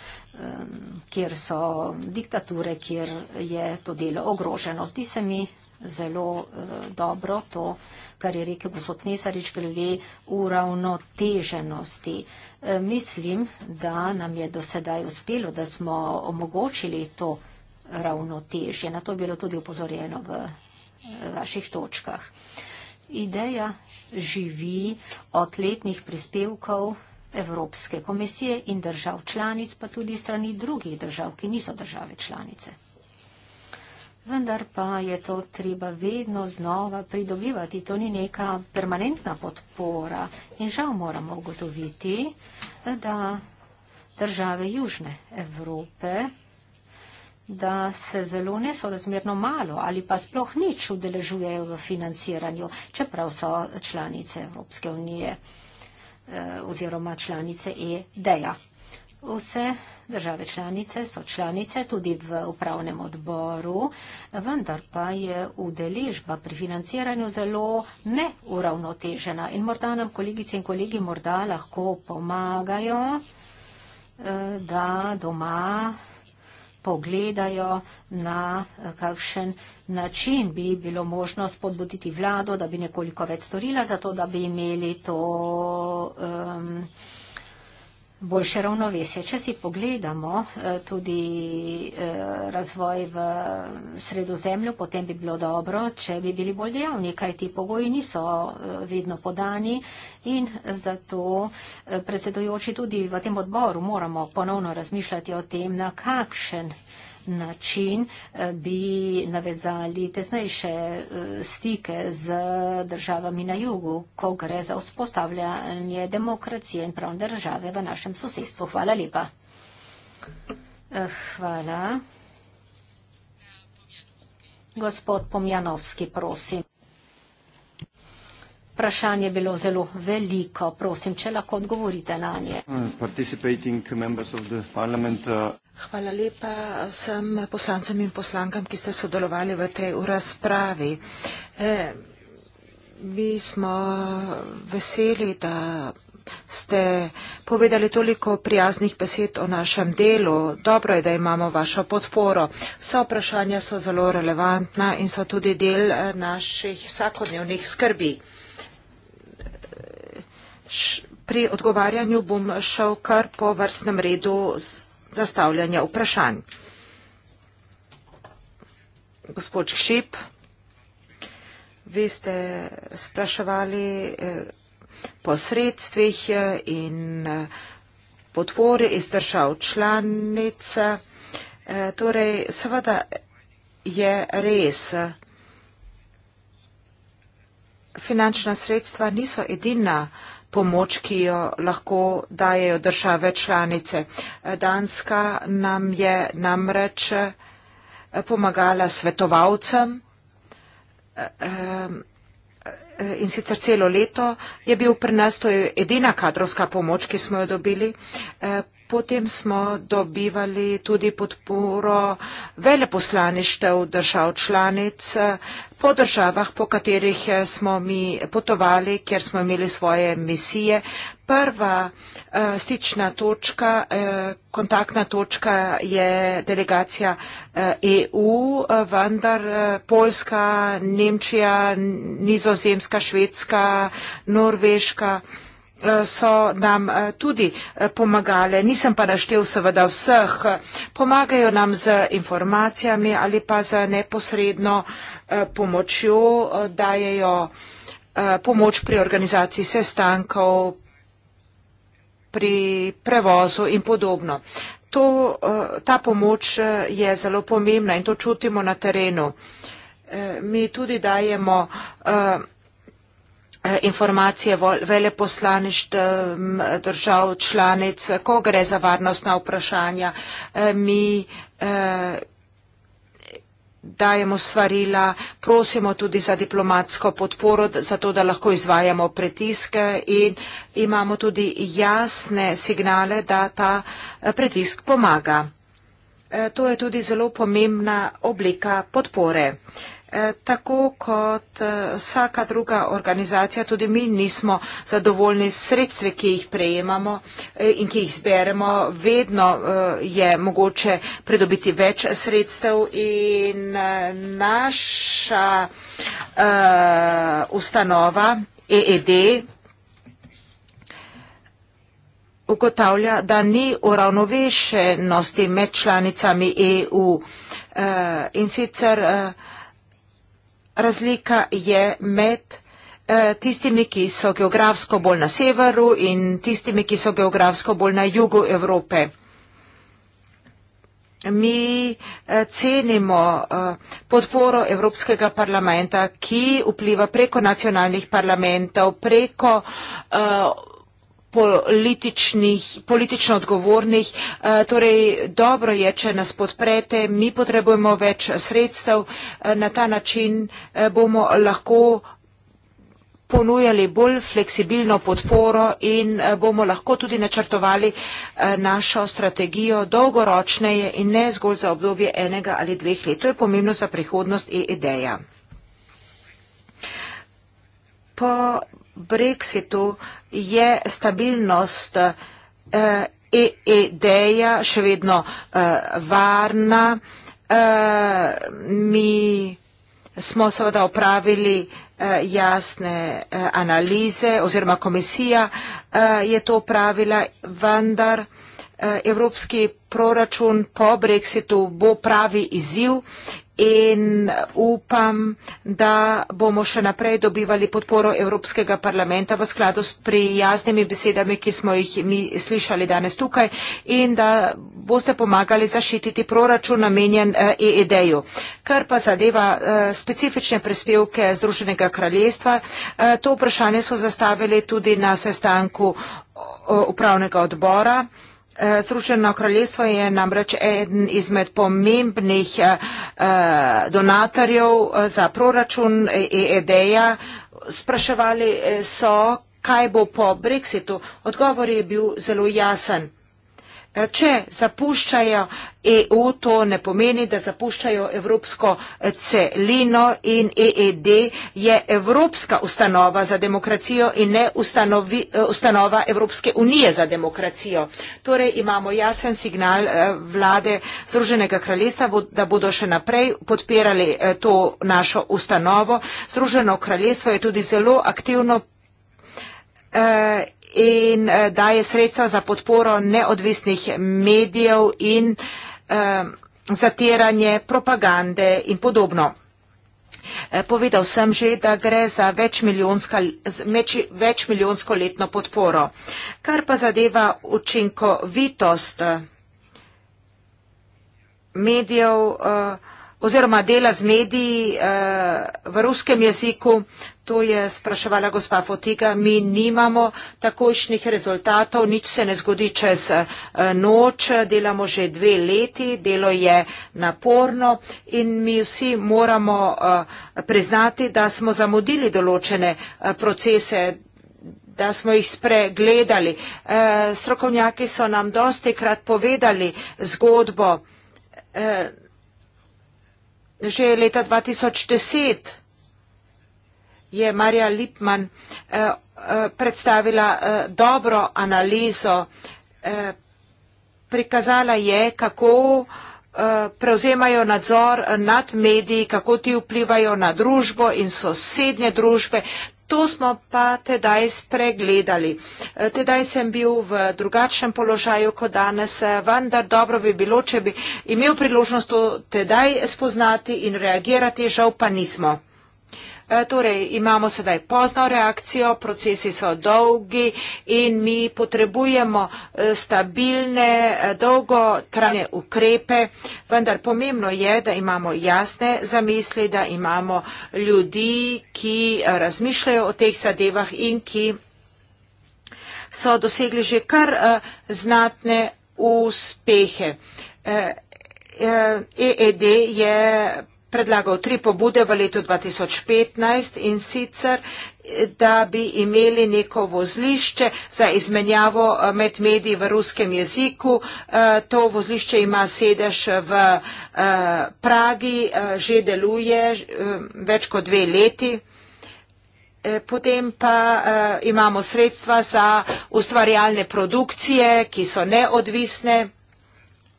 kjer so diktature, kjer je to delo ogroženo. Zdi se mi zelo eh, dobro to, kar je rekel gospod Mesarič glede uravnoteženosti. Mislim, da nam je do sedaj uspelo, da smo omogočili to ravnotežje. Na to je bilo tudi upozorjeno v vaših točkah. Ideja živi od letnih prispevkov Evropske komisije in držav članic, pa tudi strani drugih držav, ki niso države članice. Vendar pa je to treba vedno znova pridobivati. To ni neka permanentna podpora in žal moramo ugotoviti, da države Južne Evrope da se zelo nesorazmerno malo ali pa sploh nič udeležujejo v financiranju, čeprav so članice Evropske unije eh, oziroma članice EDEA. Vse države članice so članice tudi v upravnem odboru, vendar pa je udeležba pri financiranju zelo neuravnotežena in morda nam kolegice in kolegi morda lahko pomagajo, eh, da doma pogledajo na eh, kakšen način bi bilo možno spodbuditi vlado, da bi nekoliko več storila za to, da bi imeli to um, boljše ravnovesje. Če si pogledamo eh, tudi eh, razvoj v eh, sredozemlju, potem bi bilo dobro, če bi bili bolj dejavni, kaj ti pogoji niso vedno podani in zato predsedujoči tudi v tem odboru moramo ponovno razmišljati o tem, na kakšen način eh, bi navezali tesnejše eh, stike z državami na jugu, ko gre za vzpostavljanje demokracije in pravne države v našem sosedstvu. Hvala lepa. Eh, hvala. Gospod Pomjanovski, prosim. Vprašanje je bilo zelo veliko. Prosim, če lahko odgovorite na nje. Uh, Hvala lepa vsem poslancem in poslankam, ki ste sodelovali v tej razpravi. E, mi smo veseli, da ste povedali toliko prijaznih besed o našem delu. Dobro je, da imamo vašo podporo. Vsa vprašanja so zelo relevantna in so tudi del e, naših vsakodnevnih skrbi. E, pri odgovarjanju bom šel kar po vrstnem redu. Z, zastavljanja vprašanj. Gospod Šip, vi ste spraševali eh, po sredstvih eh, in eh, podpori iz držav članic. Torej, seveda je res, finančna sredstva niso edina pomoč, ki jo lahko dajejo države članice. Danska nam je namreč eh, pomagala svetovalcem eh, in sicer celo leto je bil pri nas, to je edina kadrovska pomoč, ki smo jo dobili, eh, Potem smo dobivali tudi podporo veleposlaništev držav članic po državah, po katerih smo mi potovali, kjer smo imeli svoje misije. Prva uh, stična točka, uh, kontaktna točka je delegacija uh, eh, EU, uh, vendar uh, Poljska, Nemčija, Nizozemska, Švedska, Norveška. Uh, Eh, so nam eh, tudi eh, pomagale. Nisem pa naštel seveda vseh. Pomagajo nam z informacijami ali pa z neposredno pomočjo, dajejo pomoč pri organizaciji sestankov, pri prevozu in podobno. To, ta pomoč je zelo pomembna in to čutimo na terenu. Mi tudi dajemo informacije veleposlanišč držav članic, ko gre za varnostna vprašanja. Mi eh, dajemo svarila, prosimo tudi za diplomatsko podporo, zato da lahko izvajamo pritiske in imamo tudi jasne signale, da ta eh, pritisk pomaga. Eh, to je tudi zelo pomembna oblika podpore. Uh, Eh, tako kot eh, vsaka druga organizacija, tudi mi nismo zadovoljni s sredstvi, ki jih prejemamo eh, in ki jih zberemo. Vedno je mogoče pridobiti več sredstev in naša ustanova EED ugotavlja, da ni uravnovešenosti med članicami EU in sicer razlika je med eh, tistimi, ki so geografsko bolj na severu in tistimi, ki so geografsko bolj na jugu Evrope. Mi eh, cenimo eh, podporo Evropskega parlamenta, ki vpliva preko nacionalnih parlamentov, preko politično odgovornih. Eh, torej, dobro je, če nas podprete, mi potrebujemo več sredstev, eh, na ta način eh, bomo lahko ponujali bolj fleksibilno podporo in bomo lahko tudi načrtovali našo strategijo dolgoročneje in ne zgolj za obdobje enega ali dveh let. To je pomembno za prihodnost in e ideja. E po Brexitu je stabilnost eh, EED-ja še vedno eh, varna. Eh, mi smo seveda opravili eh, jasne eh, analize oziroma komisija eh, je to opravila, vendar eh, evropski proračun po Brexitu bo pravi izziv in upam, da bomo še naprej dobivali podporo Evropskega parlamenta v skladu s prijaznimi besedami, ki smo jih mi slišali danes tukaj in da boste pomagali zaščititi proračun namenjen EED-ju. Eh, e Kar pa zadeva eh, specifične prispevke Združenega kraljestva, eh, to vprašanje so zastavili tudi na sestanku upravnega odbora. Sručeno eh, kraljestvo je namreč eden izmed pomembnih eh, eh, donatorjev za proračun EED-ja. Spraševali so, kaj bo po brexitu. Odgovor je bil zelo jasen. Če zapuščajo EU, to ne pomeni, da zapuščajo Evropsko celino in EED je Evropska ustanova za demokracijo in ne ustanovi, eh, ustanova Evropske unije za demokracijo. Torej imamo jasen signal eh, vlade Združenega kraljestva, da bodo še naprej podpirali eh, to našo ustanovo. Združeno kraljestvo je tudi zelo aktivno in eh, daje sredstva za podporo neodvisnih medijev in eh, zatiranje propagande in podobno. Eh, povedal sem že, da gre za večmiljonsko več letno podporo. Kar pa zadeva učinkovitost medijev oziroma dela z mediji v ruskem jeziku, To je spraševala gospa Fotiga. Mi nimamo takošnjih rezultatov, nič se ne zgodi čez eh, noč, delamo že dve leti, delo je naporno in mi vsi moramo eh, priznati, da smo zamudili določene eh, procese da smo jih spregledali. E, strokovnjaki so nam dosti krat povedali zgodbo e, že leta 2010 je Marija Lipman eh, eh, predstavila eh, dobro analizo. Prikazala je, kako prevzemajo nadzor nad mediji, kako ti vplivajo na družbo in sosednje družbe. To smo pa tedaj spregledali. Tedaj sem bil v drugačnem položaju kot danes, vendar dobro bi bilo, če bi imel priložnost to tedaj spoznati in reagirati, žal pa nismo. Eh, torej, imamo sedaj pozno reakcijo, procesi so dolgi in mi potrebujemo eh, stabilne, eh, dolgotrajne ukrepe, vendar pomembno je, da imamo jasne zamisli, da imamo ljudi, ki razmišljajo o teh zadevah in ki so dosegli že kar znatne uspehe. EED e e je predlagal tri pobude v letu 2015 in sicer, da bi imeli neko vozlišče za izmenjavo eh, med mediji v ruskem jeziku. Eh, to vozlišče ima sedež v eh, Pragi, že deluje več kot dve leti. Potem pa imamo sredstva za ustvarjalne produkcije, ki so neodvisne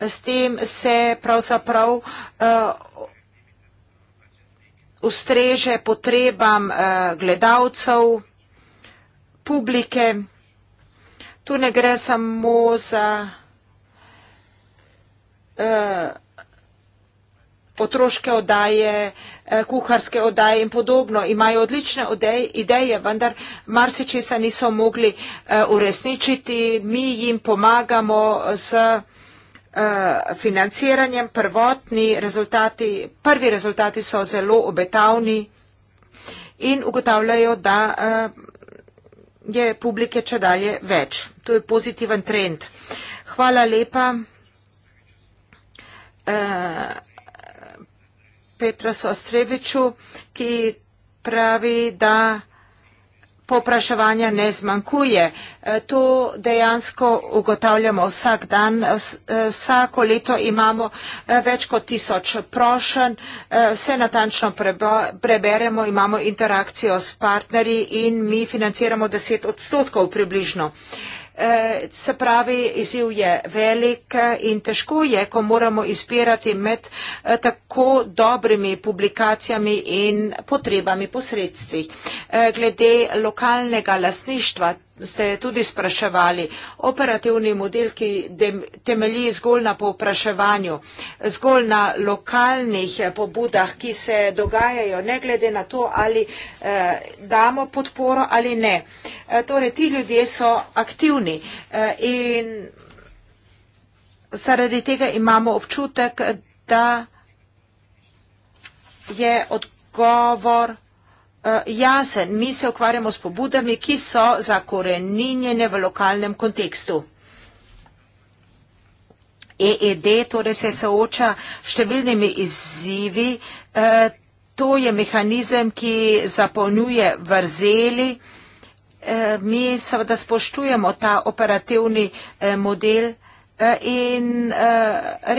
s tem se pravzaprav uh, ustreže potrebam uh, gledalcev, publike. Tu ne gre samo za uh, eh, potroške odaje, kuharske odaje in podobno. Imajo odlične odej, ideje, vendar marsičesa niso mogli uh, uresničiti. Mi jim pomagamo z uh, Eh, financiranjem. Prvotni rezultati, prvi rezultati so zelo obetavni in ugotavljajo, da eh, je publike če dalje več. To je pozitiven trend. Hvala lepa. Eh, Petra Sostreviču, ki pravi, da popraševanja ne zmanjkuje. E, to dejansko ugotavljamo vsak dan. E, e, vsako leto imamo več kot tisoč prošen, vse natančno preberemo, imamo interakcijo s partnerji in mi financiramo deset odstotkov približno se pravi, izziv je velik in težko je, ko moramo izbirati med eh, tako dobrimi publikacijami in potrebami posredstvih. Eh, glede lokalnega lasništva ste tudi spraševali. Operativni model, ki temelji zgolj na povpraševanju, zgolj na lokalnih eh, pobudah, ki se dogajajo, ne glede na to, ali eh, damo podporo ali ne. Eh, torej, ti ljudje so aktivni eh, in zaradi tega imamo občutek, da je odgovor Eh, jasen. Mi se ukvarjamo s pobudami, ki so zakoreninjene v lokalnem kontekstu. EED torej se sooča številnimi izzivi. Eh, to je mehanizem, ki zapolnjuje vrzeli. Eh, mi seveda spoštujemo ta operativni model in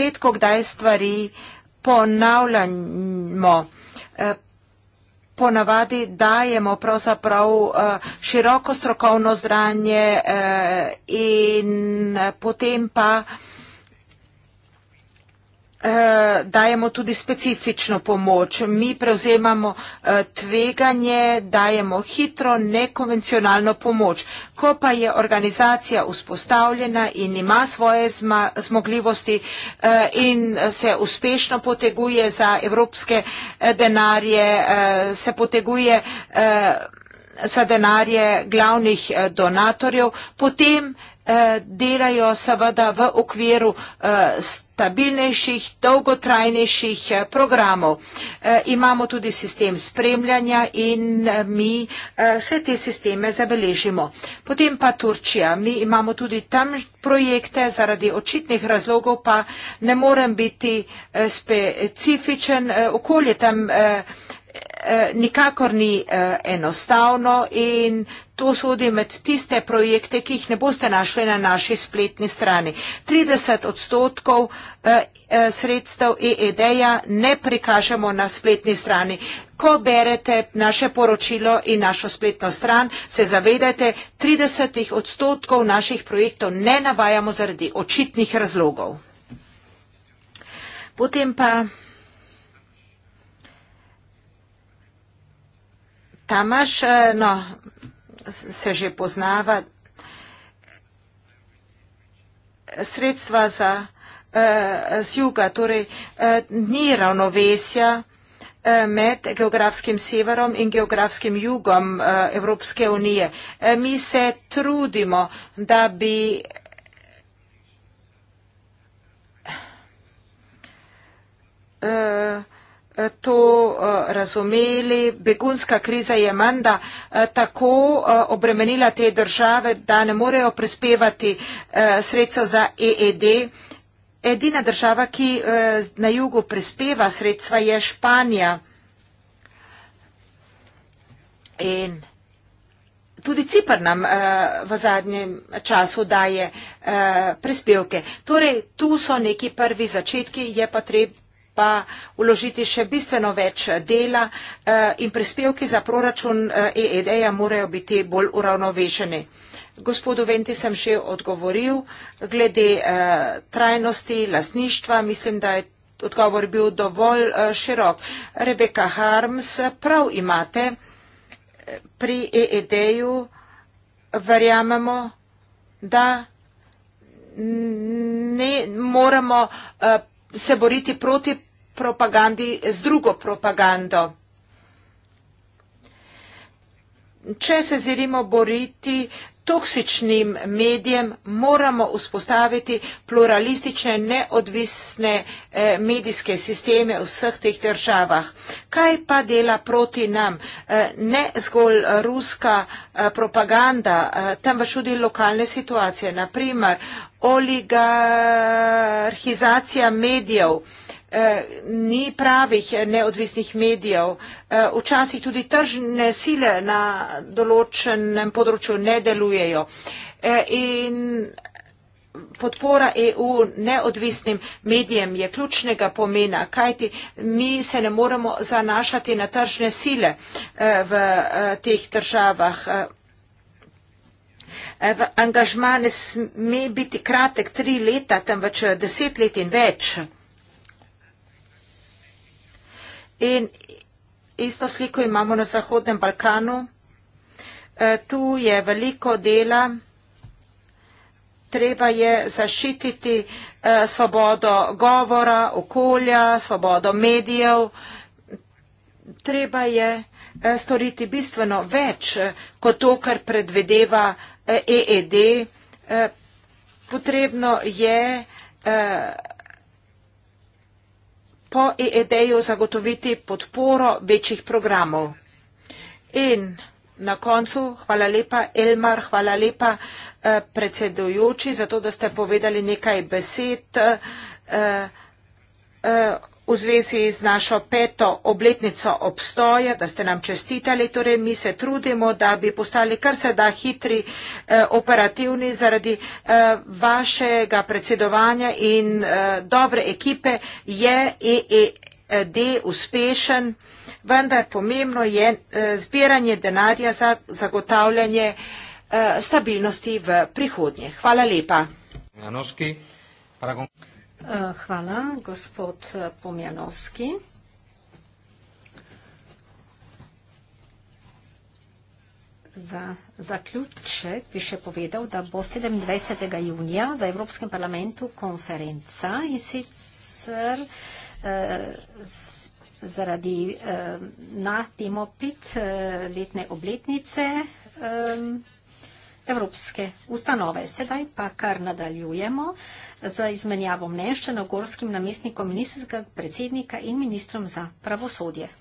redko kdaj stvari ponavljamo ponavadi dajemo pravzaprav eh, široko strokovno zranje eh, in potem pa Eh, dajemo tudi specifično pomoč. Mi prevzemamo eh, tveganje, dajemo hitro, nekonvencionalno pomoč. Ko pa je organizacija vzpostavljena in ima svoje zmogljivosti eh, in se uspešno poteguje za evropske denarje, se poteguje za denarje glavnih donatorjev, potem Eh, delajo seveda v okviru eh, stabilnejših, dolgotrajnejših eh, programov. Imamo tudi sistem spremljanja in mi vse te sisteme zabeležimo. Potem pa Turčija. Mi imamo tudi tam projekte, zaradi očitnih razlogov pa ne morem biti specifičen. Okolje tam Eh, nikakor ni eh, enostavno in to sodi med tiste projekte, ki jih ne boste našli na naši spletni strani. 30 odstotkov eh, sredstev EED-ja ne prikažemo na spletni strani. Ko berete naše poročilo in našo spletno stran, se zavedajte, 30 odstotkov naših projektov ne navajamo zaradi očitnih razlogov. Potem pa Tamaš, eh, no, se že poznava sredstva za eh, z juga, torej eh, ni ravnovesja eh, med geografskim severom in geografskim jugom eh, Evropske unije. Eh, mi se trudimo, da bi eh, Eh, to eh, razumeli. Begunska kriza je menda eh, tako obremenila te države, da ne morejo prispevati sredstev za EED. Edina država, ki na jugu prispeva sredstva, je Španija. In tudi Cipr nam v zadnjem času daje prispevke. Torej, tu so neki prvi začetki, je pa treba pa vložiti še bistveno več eh, dela eh, in prispevki za proračun EED-ja eh, e morajo biti bolj uravnoveženi. Gospodu Venti sem še odgovoril glede trajnosti lasništva. Mislim, da je odgovor bil dovolj širok. Rebeka Harms, prav imate pri EED-ju verjamemo, da ne moramo se boriti proti propagandi z drugo propagando. Če se želimo boriti toksičnim medijem, moramo vzpostaviti pluralistične, neodvisne eh, medijske sisteme v vseh teh državah. Kaj pa dela proti nam? Eh, ne zgolj ruska eh, propaganda, eh, temveč tudi lokalne situacije. Naprimer, oligarhizacija medijev, eh, ni pravih neodvisnih medijev, eh, včasih tudi tržne sile na določenem področju ne delujejo eh, in podpora EU neodvisnim medijem je ključnega pomena, kajti mi se ne moremo zanašati na tržne sile v teh državah. Eh, angažma ne sme biti kratek tri leta, temveč eh, deset let in več. In isto sliko imamo na Zahodnem Balkanu. Eh, tu je veliko dela. Treba je zaščititi svobodo govora, okolja, svobodo medijev. Treba je storiti bistveno več kot to, kar predvedeva vsega. EED. Eh, potrebno je eh, po EED-ju zagotoviti podporo večjih programov. In na koncu, hvala lepa, Elmar, hvala lepa eh, predsedujoči, zato da ste povedali nekaj besed, v zvezi z našo peto obletnico obstoja, da ste nam čestitali. Torej, mi se trudimo, da bi postali kar se da hitri, eh, operativni zaradi eh, vašega predsedovanja in eh, dobre ekipe je EED uspešen, vendar pomembno je eh, zbiranje denarja za zagotavljanje eh, stabilnosti v prihodnje. Hvala lepa. Janoski, para... Eh, hvala, gospod Pomjanovski. Za zaključek bi še povedal, da bo 27. junija v Evropskem parlamentu konferenca in sicer eh, zaradi eh, na temo pet letne obletnice evropske ustanove. Sedaj pa kar nadaljujemo za izmenjavo mnenj s črnogorskim namestnikom ministrskega predsednika in ministrom za pravosodje.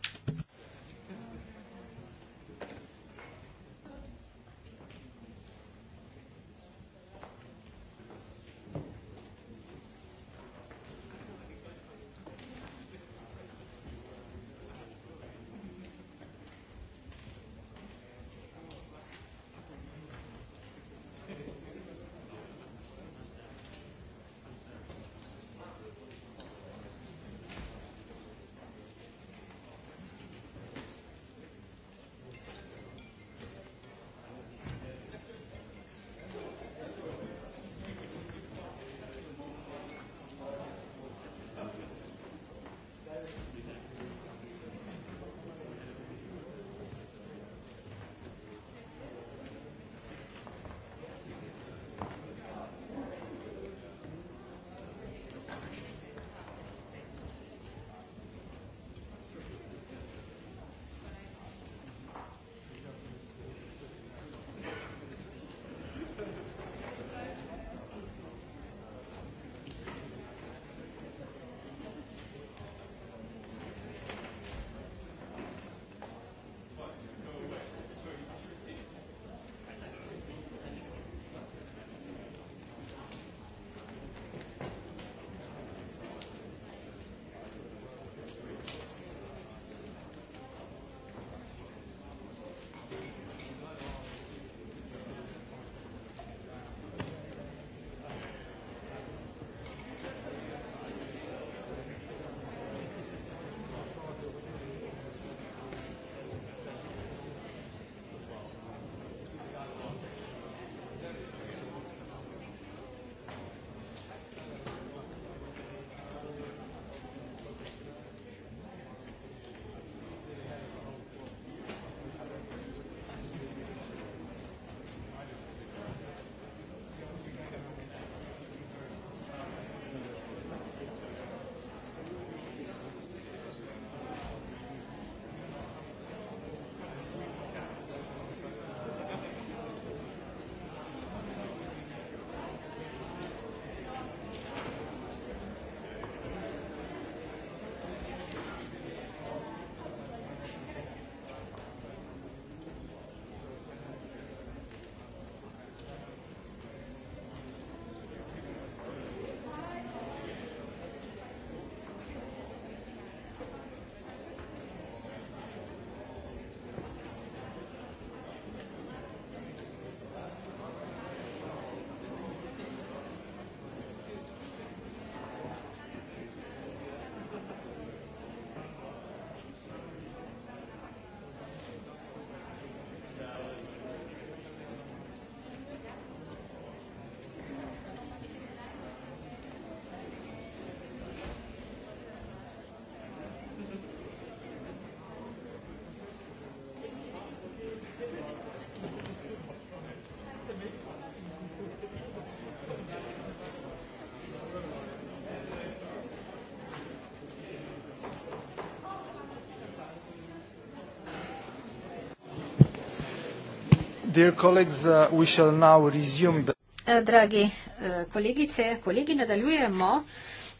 Dear colleagues, uh, we shall now resume the eh, Dragi eh, kolegice, kolegi, nadaljujemo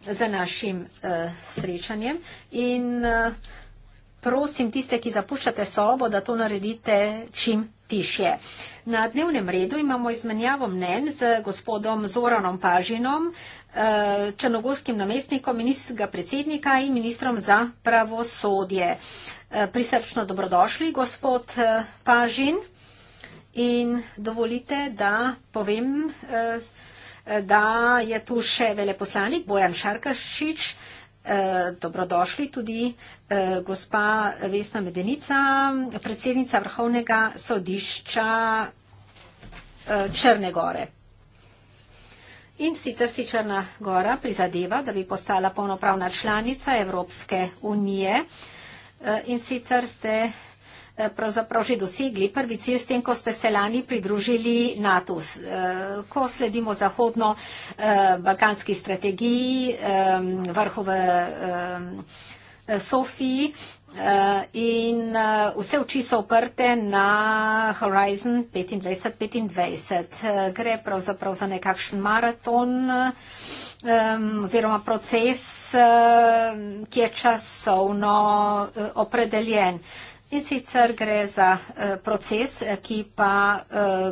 za našim uh, srečanjem in uh, prosim tiste, ki zapuščate sobo, da to naredite čim tišje. Na dnevnem redu imamo izmenjavo mnen z gospodom Zoranom Pažinom, uh, črnogorskim namestnikom ministrskega predsednika in ministrom za pravosodje. Uh, prisrčno dobrodošli, gospod uh, Pažin. In dovolite, da povem, eh, da je tu še veleposlanik Bojan Šarkašič. Eh, dobrodošli tudi eh, gospa Vesna Medenica, predsednica Vrhovnega sodišča Črne gore. In sicer si Črna gora prizadeva, da bi postala polnopravna članica Evropske unije. In sicer ste pravzaprav že dosegli prvi cilj s tem, ko ste se lani pridružili NATO. Eh, ko sledimo zahodno-balkanski eh, strategiji, vrhove Sofiji eh, in vse oči so oprte na Horizon 2025-2025. Gre pravzaprav za nekakšen maraton oziroma proces, ki je časovno opredeljen. In sicer gre za eh, proces, eh, ki pa eh,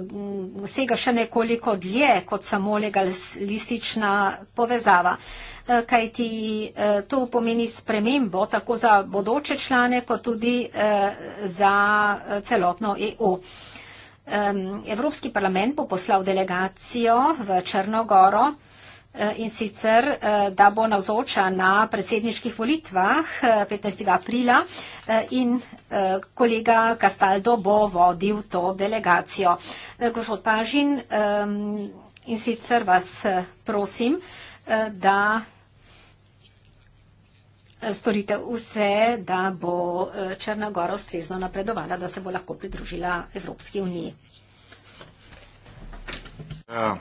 sega še nekoliko dlje kot samo legalistična povezava. Kaj ti to pomeni spremembo tako za bodoče člane, kot tudi za celotno EU. Evropski parlament bo poslal delegacijo v Črnogoro Eh, in sicer, eh, da bo navzoča na predsedniških volitvah 15. Eh, aprila in kolega Kastaldo bo vodil to delegacijo. Gospod Pažin, ehm, in sicer vas prosim, da storite vse, da bo Črna Gora ustrezno napredovala, da se bo lahko pridružila Evropski uniji. Ja.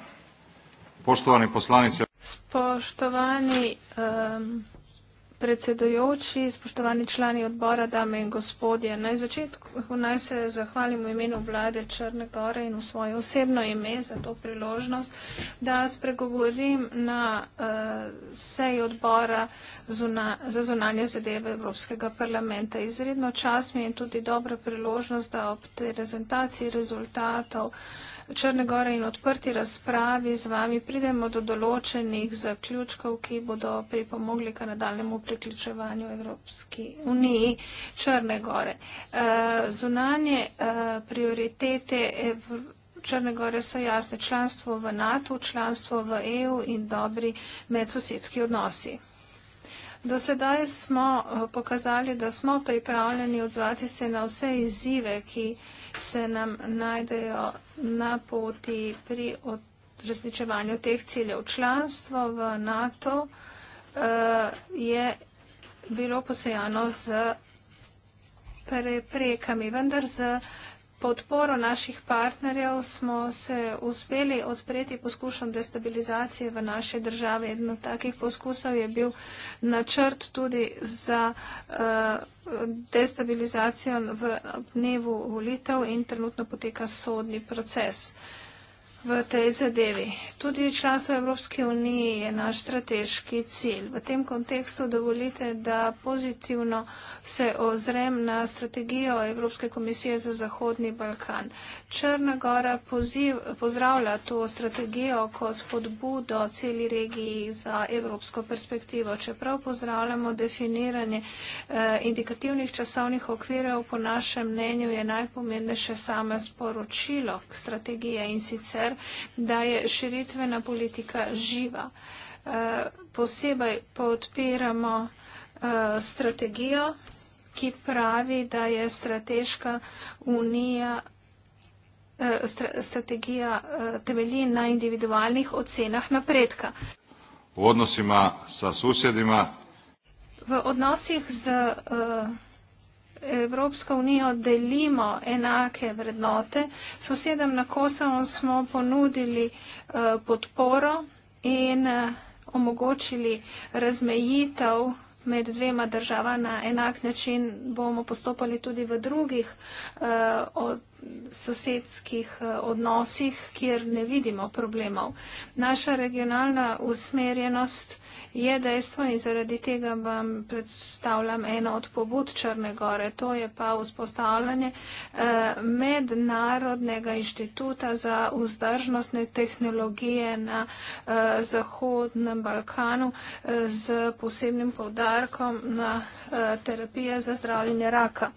Spoštovani poslanec. Spoštovani um, predsedujoči, spoštovani člani odbora, dame in gospodje. Na začetku naj se zahvalim v imenu vlade Črne Gore in v svoje osebno ime za to priložnost, da spregovorim na uh, seji odbora zuna, za zunanje zadeve Evropskega parlamenta. Izredno čas mi je tudi dobra priložnost, da ob tej prezentaciji rezultatov. Uh, Črne Gore in odprti razpravi z vami pridemo do določenih zaključkov, ki bodo pripomogli k nadaljemu priključevanju Evropski uniji Črne Gore. Eh, zunanje eh, prioritete Črne Gore so jasne članstvo v NATO, članstvo v EU in dobri medsosedski odnosi. Do sedaj smo eh, pokazali, da smo pripravljeni odzvati se na vse izzive, ki se nam najdejo na poti pri različevanju teh ciljev. Članstvo v NATO eh, je bilo posejano z preprekami, vendar z podporo naših partnerjev smo se uspeli odpreti poskušom destabilizacije v naši državi. Eden od takih poskusov je bil načrt tudi za uh, destabilizacijo v dnevu volitev in trenutno poteka sodni proces. Uh, v tej zadevi. Tudi članstvo Evropske unije je naš strateški cilj. V tem kontekstu dovolite, da pozitivno se ozrem na strategijo Evropske komisije za Zahodni Balkan. Črna Gora poziv, pozdravlja to strategijo kot spodbudo celi regiji za evropsko perspektivo. Čeprav pozdravljamo definiranje eh, indikativnih časovnih okvirov, po našem mnenju je najpomembnejše same sporočilo strategije in sicer, da je širitvena politika živa. Eh, posebej podpiramo eh, strategijo, ki pravi, da je strateška unija. Eh, strategija eh, temelji na individualnih ocenah napredka. V odnosima sa susjedima? V odnosih z eh, Evropsko unijo delimo enake vrednote. Sosedem na Kosovo smo ponudili podporo in omogočili razmejitev med dvema država na enak način, bomo postopali tudi v drugih uh, od, sosedskih uh, odnosih, kjer ne vidimo problemov. Naša regionalna usmerjenost uh, je dejstvo in zaradi tega vam predstavljam eno od pobud Črne Gore. To je pa vzpostavljanje eh, Mednarodnega inštituta za vzdržnostne tehnologije na eh, Zahodnem Balkanu z eh, posebnim povdarkom na terapije za zdravljenje raka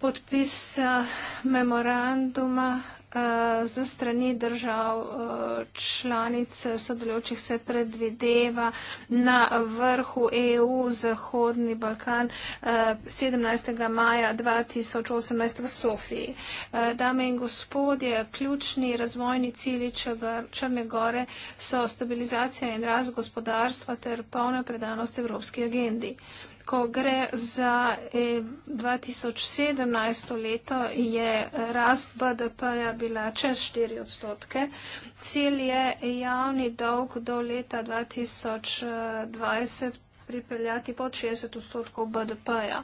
podpis eh, memoranduma eh, za strani držav eh, članic sodelujočih se predvideva na vrhu EU Zahodni Balkan 17. maja 2018 v Sofiji. Dame in gospodje, ključni razvojni cilji Črne Gore so stabilizacija in rast gospodarstva ter polna predanost Evropski agendi ko gre za 2017. E, leto, je rast BDP-ja bila čez 4 odstotke. Cilj je javni dolg do leta 2020 pripeljati pod 60 odstotkov BDP-ja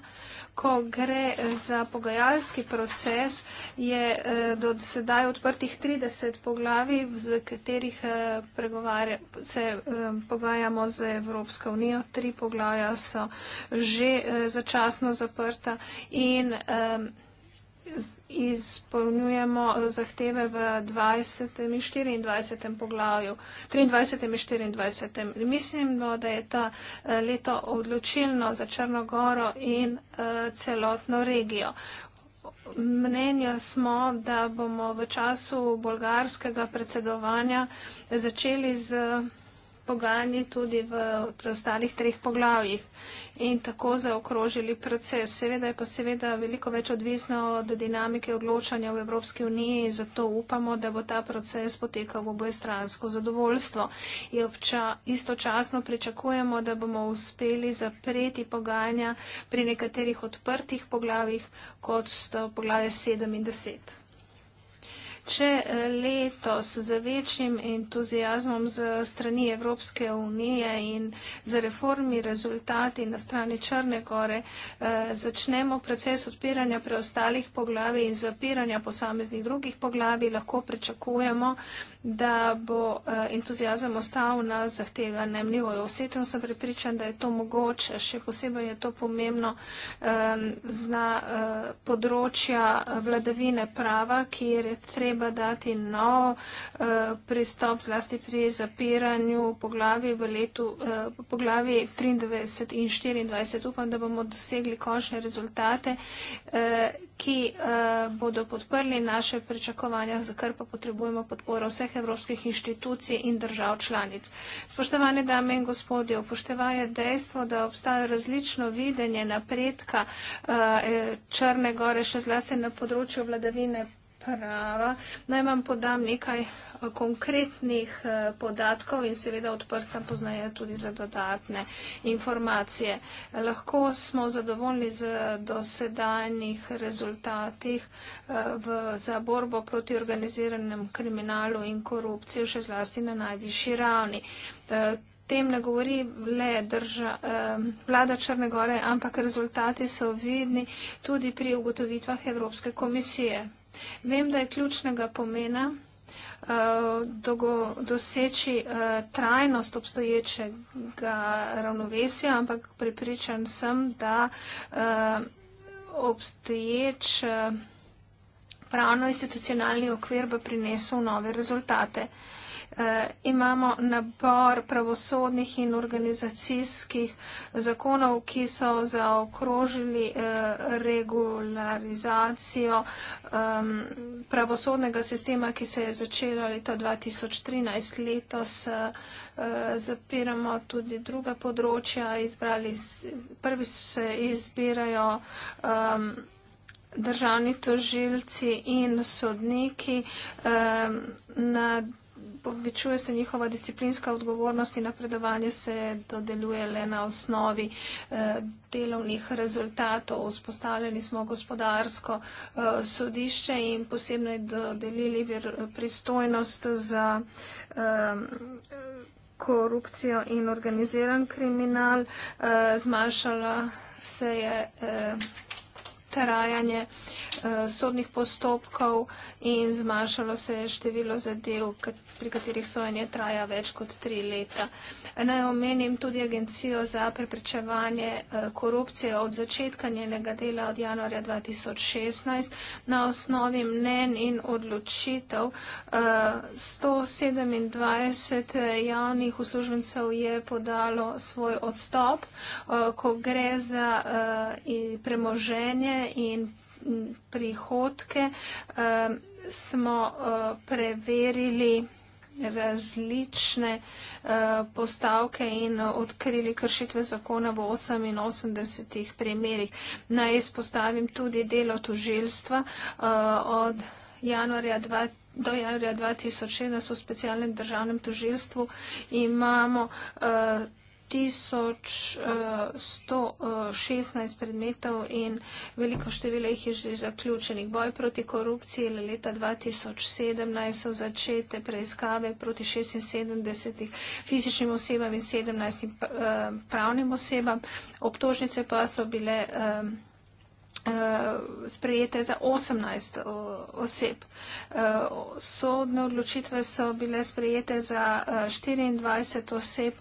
ko gre eh, za pogajalski proces, je eh, do sedaj odprtih 30 poglavi, v katerih eh, se pogajamo z Evropsko unijo. Tri poglavja so že začasno zaprta in izpolnjujemo eh, zahteve v 20. in 24. poglavju, 23. in 24. Mislim, no, da je ta eh, leto odločilno za Črnogoro in eh, celotno regijo. Mnenja smo, da bomo v času bolgarskega predsedovanja začeli z pogajanji tudi v preostalih treh poglavjih in tako zaokrožili proces. Seveda je pa seveda veliko več odvisno od dinamike odločanja v Evropski uniji, zato upamo, da bo ta proces potekal v obojestransko zadovoljstvo. Obča, istočasno pričakujemo, da bomo uspeli zapreti pogajanja pri nekaterih odprtih poglavjih, kot so poglavje 7 in 10. Če eh, letos z večjim entuzijazmom z strani Evropske unije in z reformi rezultati na strani Črne gore eh, začnemo proces odpiranja preostalih poglavi in zapiranja posameznih drugih poglavi, lahko pričakujemo, da bo eh, entuzijazem ostal na zahtevanem nivoju. Vsetno sem pripričan, da je to mogoče, še posebej je to pomembno za eh, področja eh, vladavine prava, kjer je treba dati nov pristop zlasti pri zapiranju poglavi v letu poglavi 23 in 24. Upam, da bomo dosegli končne rezultate ki uh, bodo podprli naše pričakovanja, za kar pa potrebujemo podporo vseh evropskih inštitucij in držav članic. Spoštovane dame in gospodje, upoštevaje dejstvo, da obstaja različno videnje napredka uh, Črne gore, še zlasti na področju vladavine prava. Naj vam podam nekaj eh, konkretnih eh, podatkov in seveda odprt sem poznaje tudi za dodatne informacije. Lahko smo zadovoljni z dosedanjih rezultatih eh, v, za borbo proti organiziranem kriminalu in korupciji, še zlasti na najvišji ravni. Tem ne govori le drža, eh, vlada Črne gore, ampak rezultati so vidni tudi pri ugotovitvah Evropske komisije. Vem, da je ključnega pomena eh, doseči eh, trajnost obstoječega ravnovesja, ampak prepričan sem, da eh, obstoječ pravno-institucionalni okvir bo prinesel nove rezultate. Eh, imamo nabor pravosodnih in organizacijskih zakonov, ki so zaokrožili eh, regularizacijo ehm, pravosodnega sistema, ki se je začela leta 2013. Letos eh, zapiramo tudi druga področja. Izbrali, prvi se izbirajo ehm, državni tožilci in sodniki ehm, na povečuje se njihova disciplinska odgovornost in napredovanje se dodeljuje le na osnovi eh, delovnih rezultatov. Vzpostavljali smo gospodarsko eh, sodišče in posebno je dodelili pristojnost za eh, korupcijo in organiziran kriminal. Zmanjšala se je trajanje Eh, sodnih postopkov in zmanjšalo se je število zadev, pri katerih sojenje traja več kot tri leta. Naj omenim tudi Agencijo za preprečevanje eh, korupcije od začetka njenega dela od januarja 2016 na osnovi mnen in odločitev. 127 eh, javnih uslužbencev je podalo svoj odstop, ko gre za premoženje in prihodke, eh, smo eh, preverili različne eh, postavke in odkrili kršitve zakona v 88 primerih. Naj izpostavim tudi delo tužilstva od januarja 2020. Do januarja 2016 v specialnem državnem tožilstvu imamo uh, 1116 eh, eh, predmetov in veliko število jih je že zaključenih. Boj proti korupciji le leta 2017 so začete preiskave proti 76 fizičnim osebam in 17 eh, pravnim osebam. Obtožnice pa so bile. Um, Eh, sprejete za 18 eh, oseb. Eh, sodne odločitve so bile sprejete za 24 oseb,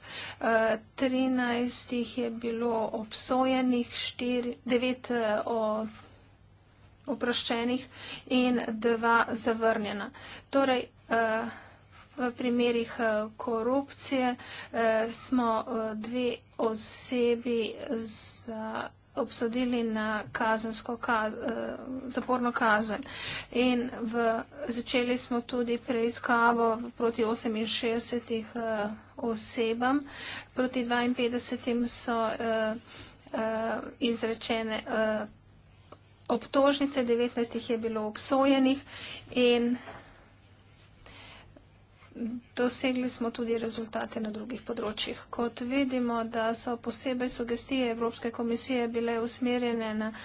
13 jih je bilo obsojenih, 4, 9 oproščenih in 2 zavrnjena. Torej, v primerih korupcije smo dve osebi za obsodili na kazensko kazen, eh, zaporno kazen. In v, začeli smo tudi preiskavo proti 68 uh, eh, osebam, proti 52 so uh, uh, izrečene uh, obtožnice, 19 je bilo obsojenih in dosegli smo tudi rezultate na drugih področjih. Kot vidimo, da so posebej sugestije Evropske komisije bile usmerjene na eh,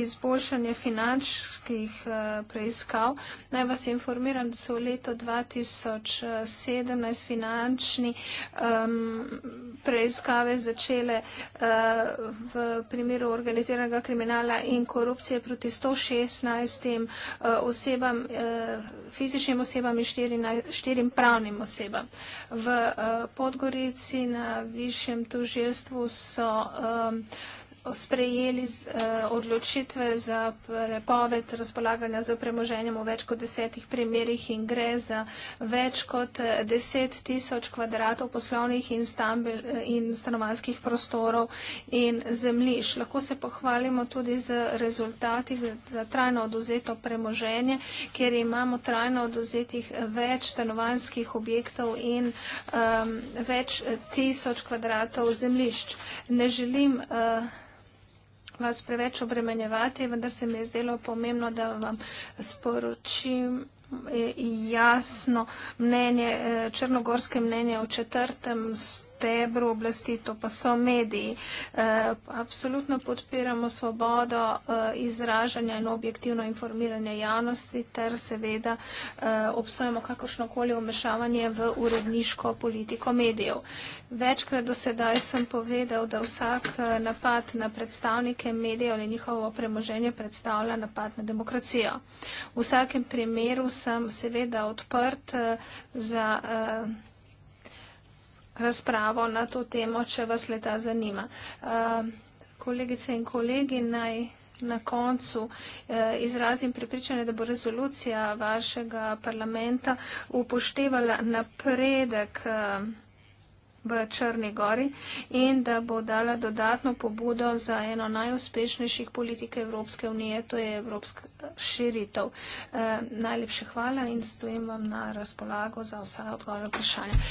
izboljšanje finančnih eh, preiskav. Naj vas informiram, da so v letu 2017 finančni um, preiskave začele uh, v primeru organiziranega kriminala in korupcije proti 116 uh, osebam, uh, fizičnim osebam in 14, 14 pravnim osebam. V uh, Podgorici na višjem tužilstvu so. Um, sprejeli eh, odločitve za prepoved razpolaganja z premoženjem v več kot desetih primerjih in gre za več kot deset tisoč kvadratov poslovnih in, stambel, eh, in stanovanskih prostorov in zemljiš. Lahko se pohvalimo tudi z rezultati za trajno oduzeto premoženje, ker imamo trajno oduzetih več stanovanskih objektov in um, več eh, tisoč kvadratov zemljišč. Ne želim uh, vas preveč obremenjevati, vendar se mi je zdelo pomembno, da vam sporočim eh, jasno mnenje, eh, črnogorske mnenje o četrtem stoletju stebru oblasti, to pa so mediji. E, absolutno podpiramo svobodo e, izražanja in objektivno informiranje javnosti ter seveda e, obsojamo kakršnokoli umešavanje v uredniško politiko medijev. Večkrat do sedaj sem povedal, da vsak napad na predstavnike medijev ali njihovo premoženje predstavlja napad na demokracijo. V vsakem primeru sem seveda odprt za. Uh razpravo na to temo, če vas leta zanima. Ehm, kolegice in kolegi, naj na koncu eh, izrazim pripričanje, da bo rezolucija vašega parlamenta upoštevala napredek ehm, v Črni gori in da bo dala dodatno pobudo za eno najuspešnejših politik Evropske unije, to je Evropska širitev. Ehm, najlepše hvala in stojim vam na razpolago za vsa odgovore vprašanja.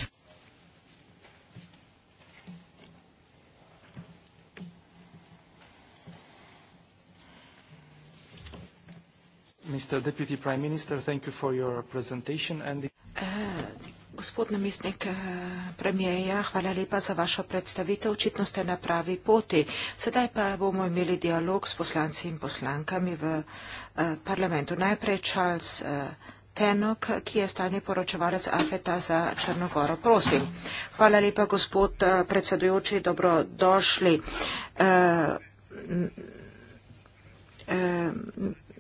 Mr. Deputy Prime Minister, thank you for your presentation and the... Eh, gospod namestnik eh, premijeja, hvala lepa za vašo predstavitev. Očitno ste na pravi poti. Sedaj pa bomo imeli dialog s poslanci in poslankami v eh, parlamentu. Najprej Charles Tenok, ki je stalni poročevalec AFETA za Črnogoro. Prosim. Hvala lepa, gospod predsedujoči. Dobrodošli.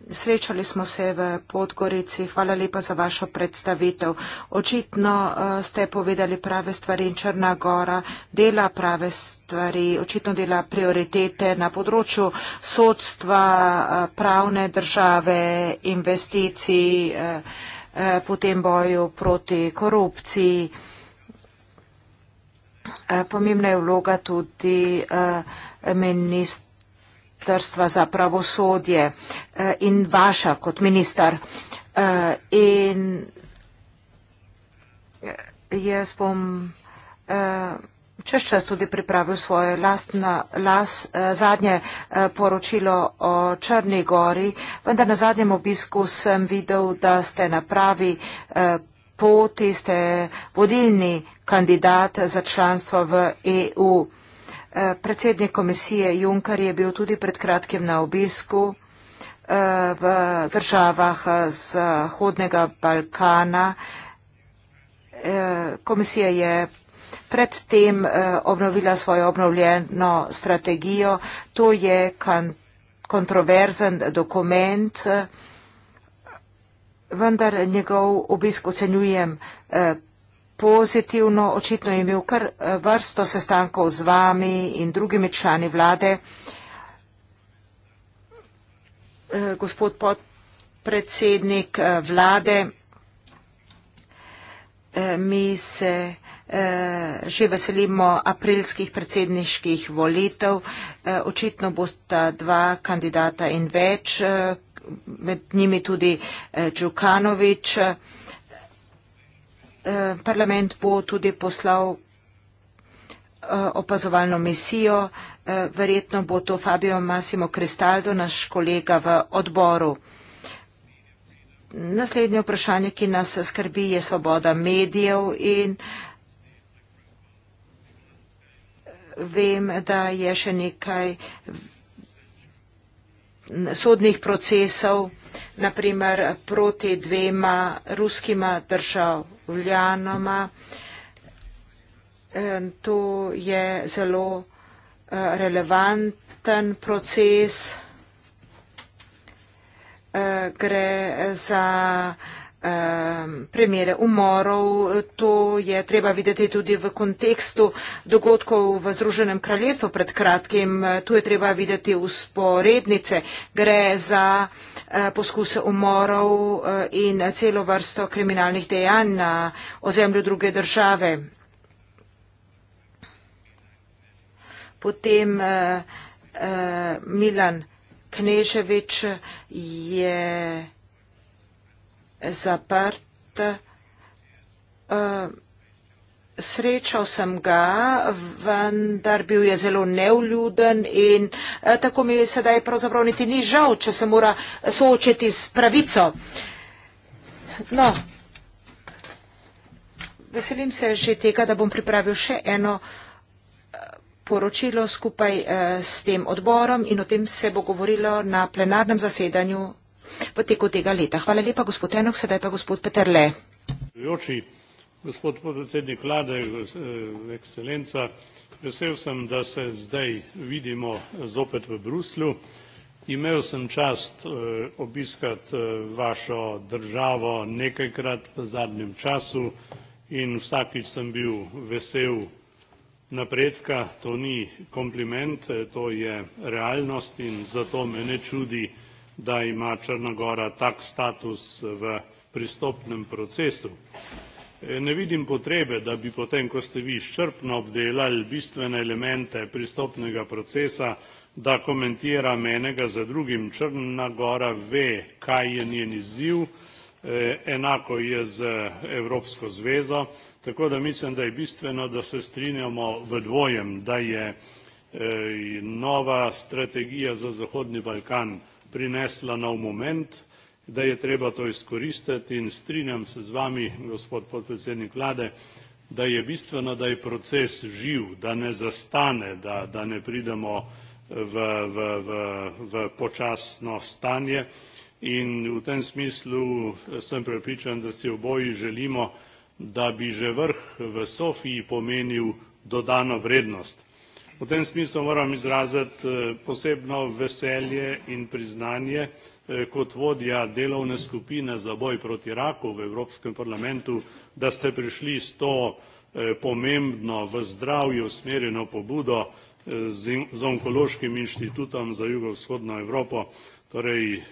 Srečali smo se v Podgorici. Hvala lepa za vašo predstavitev. Očitno uh, ste povedali prave stvari in Črna Gora dela prave stvari, očitno dela prioritete na področju sodstva, uh, pravne države, investicij, uh, eh, uh, potem boju proti korupciji. Uh, pomembna je vloga tudi uh, ministra ministrstva za pravosodje eh, in vaša kot ministar. Eh, in eh, jaz bom čez čas tudi pripravil svoje lastna, las, zadnje poročilo o Črni gori, vendar na zadnjem obisku sem videl, da ste na pravi poti, ste vodilni kandidat za članstvo v EU. Eh, predsednik komisije Juncker je bil tudi pred kratkim na obisku eh, v državah eh, z Hodnega Balkana. Komisija je predtem obnovila svojo obnovljeno strategijo. To je kontroverzen dokument, vendar njegov obisk ocenjujem pozitivno, očitno je imel kar eh, vrsto sestankov z vami in drugimi člani vlade. Eh, gospod podpredsednik eh, vlade, mi se že veselimo aprilskih predsedniških volitev. Očitno bosta dva kandidata in več, med njimi tudi Đukanović. Eh, parlament bo tudi poslal eh, opazovalno misijo. Eh, verjetno bo to Fabio Massimo Cristaldo, naš kolega v odboru. Naslednje vprašanje, ki nas skrbi, je svoboda medijev in vem, da je še nekaj sodnih procesov, naprimer proti dvema ruskima državama. Uljanoma. To je zelo eh, relevanten proces. Eh, gre za Ehm, primere umorov. To je treba videti tudi v kontekstu dogodkov v Združenem kraljestvu pred kratkim. Tu je treba videti usporednice. Gre za eh, poskuse umorov eh, in celo vrsto kriminalnih dejanj na ozemlju druge države. Potem uh, uh, Milan Knežević je zaprt. Uh, Srečal sem ga, vendar bil je zelo neuljuden in eh, tako mi sedaj pravzaprav niti ni žal, če se mora soočiti s pravico. No, veselim se že tega, da bom pripravil še eno eh, poročilo skupaj s tem odborom in o tem se bo govorilo na plenarnem zasedanju v teku tega leta. Hvala lepa, gospod Enok, sedaj pa gospod Peter Le. Vljoči, gospod podpredsednik vlade, eh, ekscelenca, vesel sem, da se zdaj vidimo zopet v Bruslju. Imel sem čast eh, obiskati eh, vašo državo nekajkrat v zadnjem času in vsakič sem bil vesel napredka. To ni kompliment, to je realnost in zato me ne čudi, da ima Črna gora tak status v pristopnem procesu. E, ne vidim potrebe, da bi potem, ko ste vi izčrpno obdelali bistvene elemente pristopnega procesa, da komentiram enega za drugim. Črna gora ve, kaj je njen izziv, e, enako je z Evropsko zvezo, tako da mislim, da je bistveno, da se strinjamo v dvojem, da je e, nova strategija za Zahodni Balkan prinesla nov moment da je treba to izkoristiti in strinjam se z vami gospod podpredsednik vlade da je bistveno da je proces živ da ne zastane da, da ne pridemo eh, v, v, v, v počasno stanje in v tem smislu eh, sem prepričan da si oboji želimo da bi že vrh v sofiji pomenil dodano vrednost V tem smislu moram izraziti eh, posebno veselje in priznanje eh, kot vodja delovne skupine za boj proti raku v Evropskem parlamentu, da ste prišli s to eh, pomembno v zdravju usmerjeno pobudo z Onkološkim inštitutom za jugovzhodno Evropo. Torej,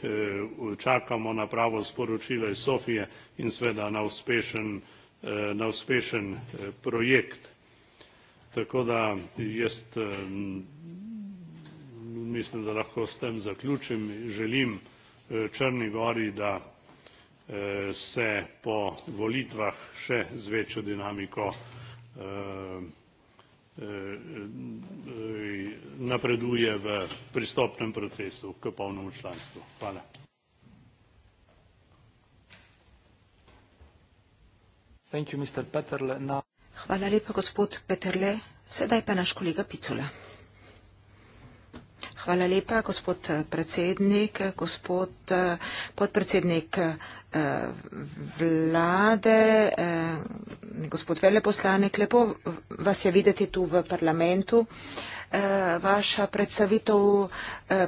čakamo na pravo sporočilo iz Sofije in seveda na uspešen, na uspešen projekt. Tako da jaz eh, mislim, da lahko s tem zaključim. Želim eh, Črni Gori, da eh, se po volitvah še z večjo dinamiko napreduje v pristopnem procesu k polnemu članstvu. Hvala. Thank you, Mr. Peterle. Now Hvala lepa, gospod Peterle. Sedaj pa naš kolega Picula. Hvala lepa, gospod eh, predsednik, gospod eh, podpredsednik eh, vlade, gospod veleposlanik. Lepo vas je videti tu v parlamentu. Vaša predstavitev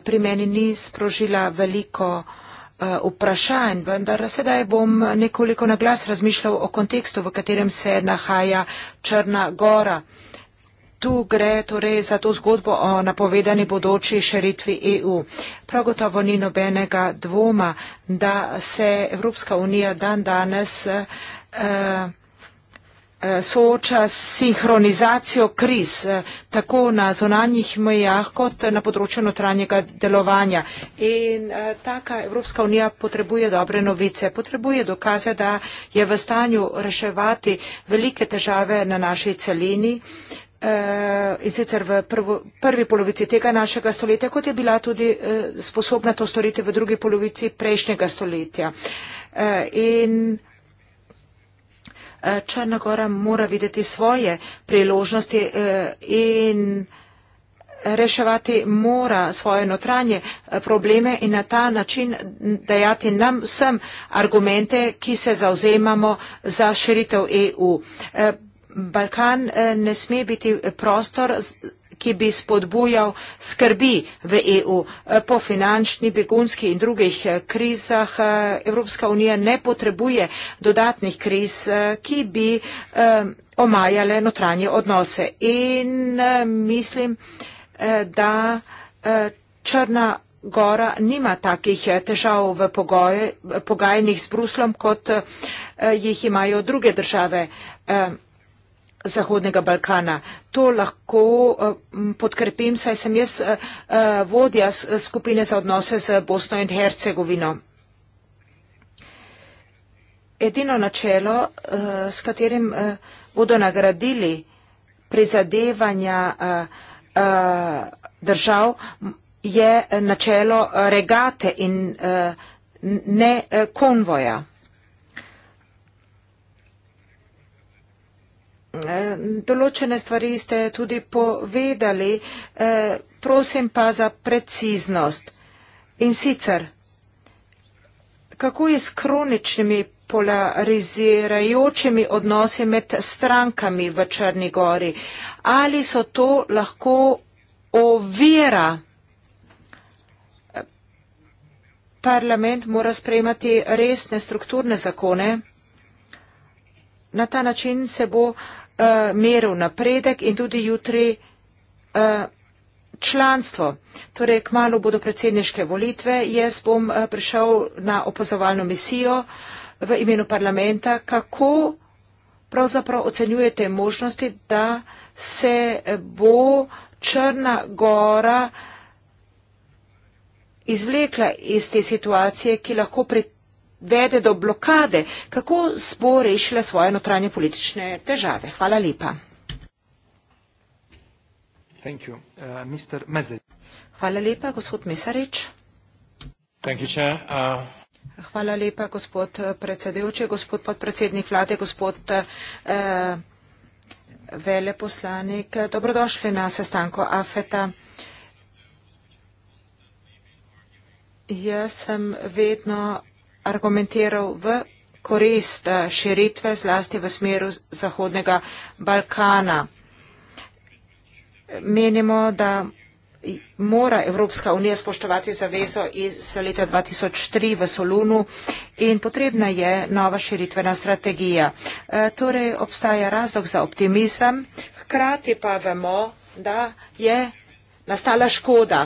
pri meni ni sprožila veliko. Eh, vprašanj, vendar sedaj bom nekoliko na glas razmišljal o kontekstu, v katerem se nahaja Črna Gora. Tu gre torej za to zgodbo o napovedani bodoči širitvi EU. Prav gotovo ni nobenega dvoma, da se Evropska unija dan danes eh, Eh, sooča s sinhronizacijo kriz eh, tako na zonanjih mejah kot na področju notranjega delovanja. In eh, taka Evropska unija potrebuje dobre novice, potrebuje dokaze, da je v stanju reševati velike težave na naši celini in sicer v prvo, prvi polovici tega našega stoletja, kot je bila tudi sposobna to storiti v drugi polovici prejšnjega stoletja. In Eh, Črna gora mora videti svoje priložnosti eh, in reševati mora svoje notranje eh, probleme in na ta način dajati nam vsem argumente, ki se zauzemamo za širitev EU. Balkan ne sme biti prostor ki bi spodbujal skrbi v EU. Po finančni, begunski in drugih eh, krizah eh, Evropska unija ne potrebuje dodatnih kriz, eh, ki bi omajale notranje odnose. In mislim, da Črna Gora nima takih težav v pogajanjih s Bruslom, kot jih imajo druge države. Zahodnega Balkana. To lahko eh, podkrepim, saj sem jaz eh, eh, vodja skupine za odnose z Bosno in Hercegovino. Edino načelo, s katerim bodo nagradili prizadevanja držav, je načelo regate in ne konvoja. Eh, določene stvari ste tudi povedali, eh, prosim pa za preciznost. In sicer, kako je s kroničnimi polarizirajočimi odnosi med strankami v Črni gori? Ali so to lahko ovira? Parlament mora sprejemati resne strukturne zakone. Na ta način se bo uh, Eh, meril napredek in tudi jutri eh, članstvo. Torej, kmalo bodo predsedniške volitve. Jaz bom eh, prišel na opazovalno misijo v imenu parlamenta. Kako pravzaprav ocenjujete možnosti, da se bo Črna Gora izvlekla iz te situacije, ki lahko pritekne? vede do blokade, kako bo rešila svoje notranje politične težave. Hvala lepa. You, uh, uh, Hvala lepa, gospod Mesarič. You, uh... Hvala lepa, gospod predsedujoči, gospod podpredsednik vlade, gospod uh, uh veleposlanik. Dobrodošli na sestanko AFETA. Jaz sem vedno argumentiral v korist eh, širitve zlasti v smeru Zahodnega Balkana. Menimo, da mora Evropska unija spoštovati zavezo iz leta 2003 v Solunu in potrebna je nova širitvena strategija. E, torej obstaja razlog za optimizem, hkrati pa vemo, da je nastala škoda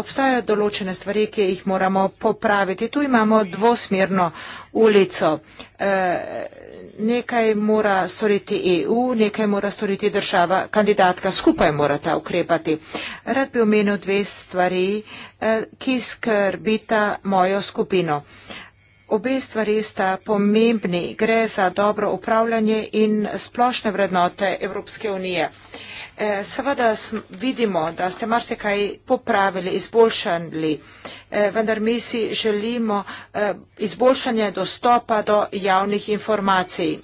obstajajo določene stvari, ki jih moramo popraviti. Tu imamo dvosmerno ulico. E, nekaj mora storiti EU, nekaj mora storiti država, kandidatka, skupaj morata ukrepati. Rad bi omenil dve stvari, e, ki skrbita mojo skupino. Obe stvari sta pomembni, gre za dobro upravljanje in splošne vrednote Evropske unije. E, Eh, seveda vidimo, da ste marsikaj popravili, izboljšali, eh, vendar mi si želimo eh, izboljšanje dostopa do javnih informacij.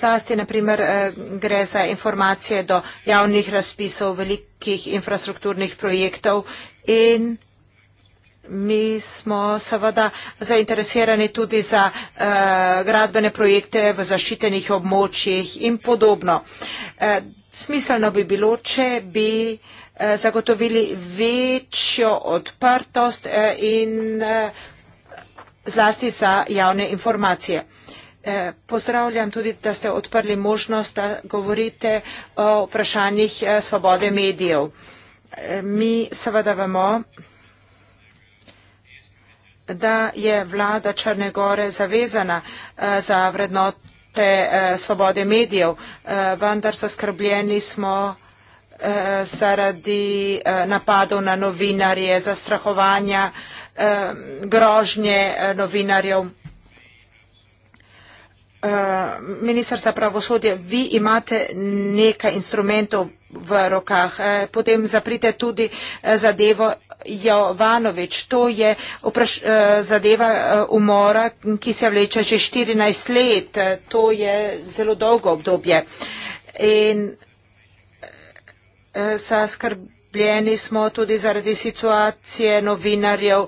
Zlasti, naprimer, gre za informacije do javnih razpisov velikih infrastrukturnih projektov in Mi smo seveda zainteresirani tudi za eh, gradbene projekte v zaščitenih območjih in podobno. Eh, smiselno bi bilo, če bi eh, zagotovili večjo odprtost eh, in eh, zlasti za javne informacije. Eh, pozdravljam tudi, da ste odprli možnost, da govorite o vprašanjih eh, svobode medijev. Eh, mi seveda vemo, da je vlada Črne Gore zavezana eh, za vrednote eh, svobode medijev, eh, vendar zaskrbljeni smo zaradi napadov na novinarje, zastrahovanja, grožnje novinarjev. Ministr za pravosodje, vi imate nekaj instrumentov, v rokah. E, potem zaprite tudi e, zadevo Jovanovič. To je opraš, e, zadeva umora, ki se vleče že 14 let. To je zelo dolgo obdobje. In zaskrbljeni smo tudi zaradi situacije novinarjev,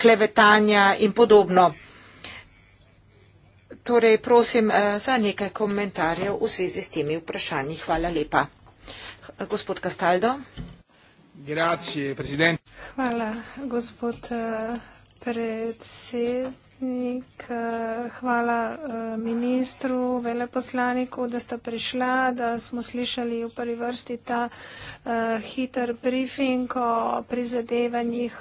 klevetanja in podobno torej prosim eh, za nekaj komentarjev v zvezi s temi vprašanji. Hvala lepa. Gospod Kastaldo. Hvala, gospod eh, predsednik. Eh, hvala ministru, veleposlaniku, da sta prišla, da smo slišali v prvi vrsti ta hiter briefing o prizadevanjih,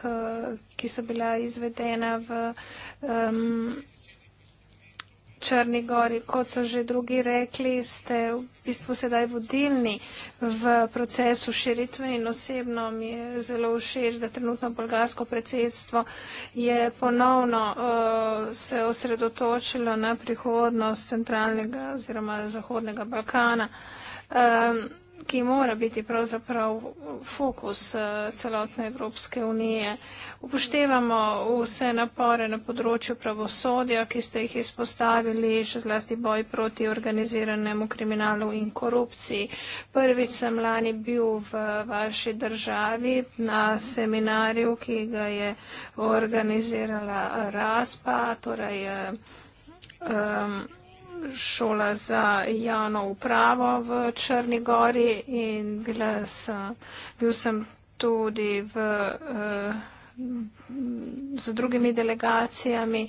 ki so bila izvedena v. Um, Črni gori, kot so že drugi rekli, ste v bistvu sedaj vodilni v procesu širitve in osebno mi je zelo všeč, da trenutno bolgarsko predsedstvo je ponovno uh, se osredotočilo na prihodnost centralnega oziroma zahodnega Balkana. Um, ki mora biti pravzaprav fokus eh, celotne Evropske unije. Upoštevamo vse napore na področju pravosodja, ki ste jih izpostavili, še zlasti boj proti organiziranemu kriminalu in korupciji. Prvič sem lani bil v vaši državi na seminarju, ki ga je organizirala RASPA, torej um, šola za javno upravo v Črni gori in bila sem, bil sem tudi v, eh, z drugimi delegacijami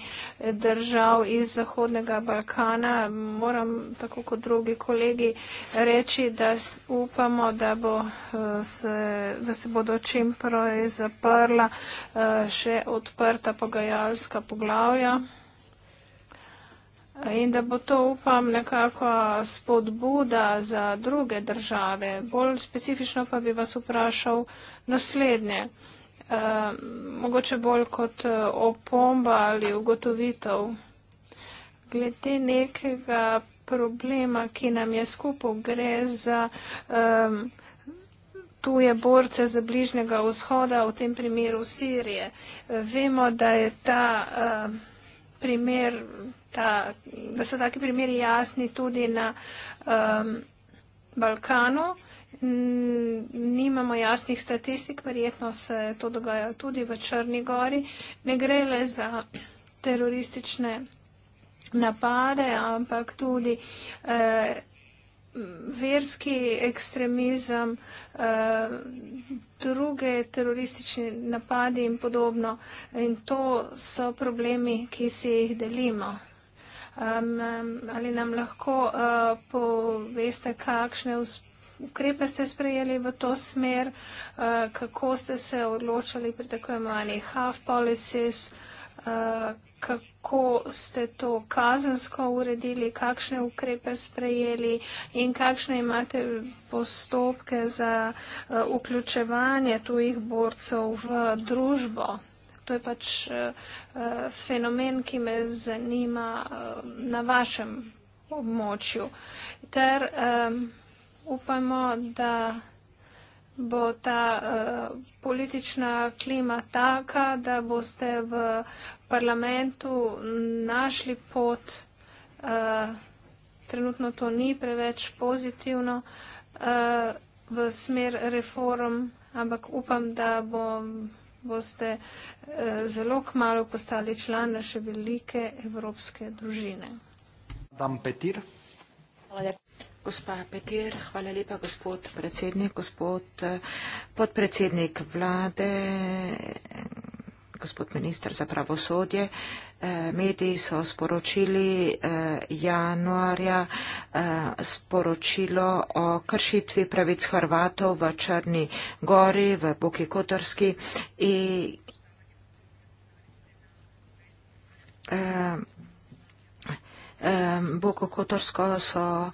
držav iz Zahodnega Balkana. Moram, tako kot drugi kolegi, reči, da upamo, da, bo eh, se, da se bodo čimprej zaprla eh, še odprta pogajalska poglavja. In da bo to, upam, nekako spodbuda za druge države. Bolj specifično pa bi vas vprašal naslednje. E, mogoče bolj kot eh, opomba ali ugotovitev. Glede nekega problema, ki nam je skupaj, gre za um, tuje borce za bližnjega vzhoda, v tem primeru Sirije. Vemo, da je ta um, primer ta, da so taki primeri jasni tudi na um, Balkanu. Nimamo jasnih statistik, verjetno se to dogaja tudi v Črni gori. Ne gre le za teroristične napade, ampak tudi eh, verski ekstremizem, eh, druge teroristične napade in podobno. In to so problemi, ki si jih delimo. Um, um, ali nam lahko uh, poveste, kakšne ukrepe ste sprejeli v to smer, uh, kako ste se odločili pri tako imenovanih half policies, uh, kako ste to kazensko uredili, kakšne ukrepe sprejeli in kakšne imate postopke za uh, vključevanje tujih borcev v družbo to je pač eh, eh, fenomen, ki me zanima eh, na vašem območju. Ter upajmo, da bo ta politična klima taka, da boste v parlamentu našli pot, trenutno to ni preveč pozitivno, v smer reform, ampak upam, da bo boste eh, zelo kmalo postali član naše velike evropske družine. Petir. Hvala lepa. Gospa Petir, hvala lepa, gospod predsednik, gospod eh, podpredsednik vlade gospod ministr za pravosodje. Eh, mediji so sporočili eh, januarja eh, sporočilo o kršitvi pravic Hrvatov v Črni gori, v Buki Kotorski in Buko Kotorsko so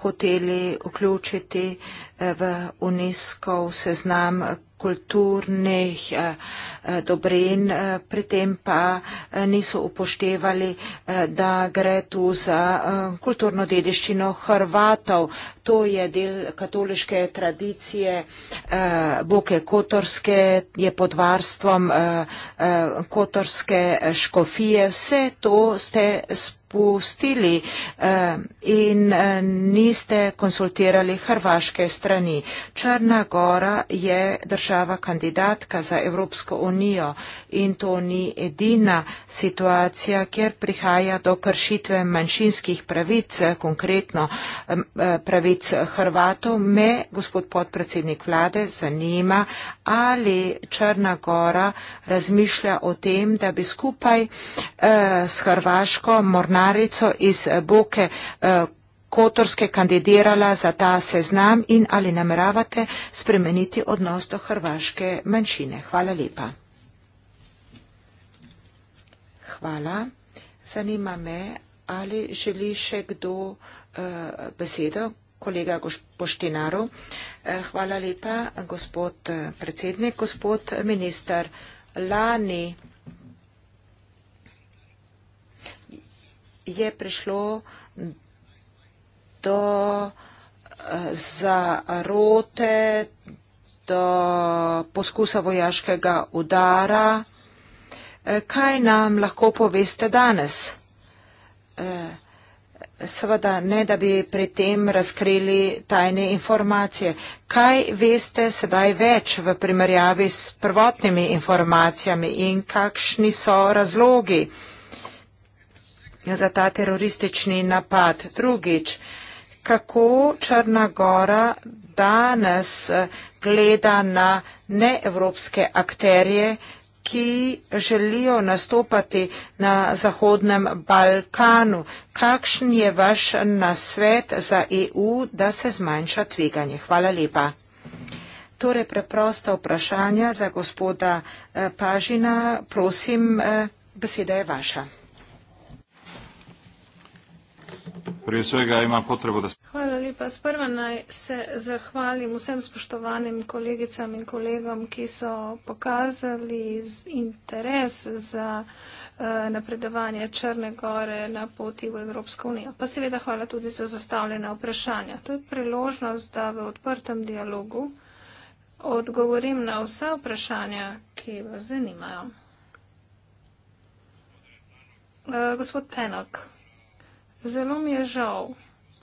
hoteli vključiti v UNESCO v seznam kulturnih eh, eh, dobrin, eh, pri tem pa niso upoštevali, da gre tu za kulturno dediščino Hrvatov. To je del katoliške tradicije Boke Kotorske, je pod varstvom Kotorske škofije. Vse to ste spustili in niste konsultirali hrvaške strani strani. Črna Gora je država kandidatka za Evropsko unijo in to ni edina situacija, kjer prihaja do kršitve manjšinskih pravic, konkretno eh, pravic Hrvatov. Me, gospod podpredsednik vlade, zanima, ali Črna Gora razmišlja o tem, da bi skupaj eh, s Hrvaško mornarico iz Boke eh, Kotorske kandidirala za ta seznam in ali nameravate spremeniti odnos do hrvaške manjšine? Hvala lepa. Hvala. Zanima me, ali želi še kdo uh, besedo? Kolega Poštinaru. Eh, hvala lepa, gospod eh, predsednik, gospod minister. Lani je prišlo do eh, zarote, do poskusa vojaškega udara. Eh, kaj nam lahko poveste danes? Eh, seveda ne, da bi pri tem razkrili tajne informacije. Kaj veste sedaj več v primerjavi s prvotnimi informacijami in kakšni so razlogi za ta teroristični napad? Drugič, kako Črnagora danes eh, gleda na neevropske akterje, ki želijo nastopati na Zahodnem Balkanu. Kakšen je vaš nasvet za EU, da se zmanjša tveganje? Hvala lepa. Torej, preprosta vprašanja za gospoda eh, Pažina. Prosim, eh, beseda je vaša. prije svega imam potrebu da... Hvala lepa. Sprva naj se zahvalim vsem spoštovanim kolegicam in kolegom, ki so pokazali interes za eh, napredovanje Črne gore na poti v Evropsko unijo. Pa seveda hvala tudi za zastavljene vprašanja. To je priložnost, da v odprtem dialogu odgovorim na vse vprašanja, ki vas zanimajo. Eh, gospod Penok. Zelo mi je žal,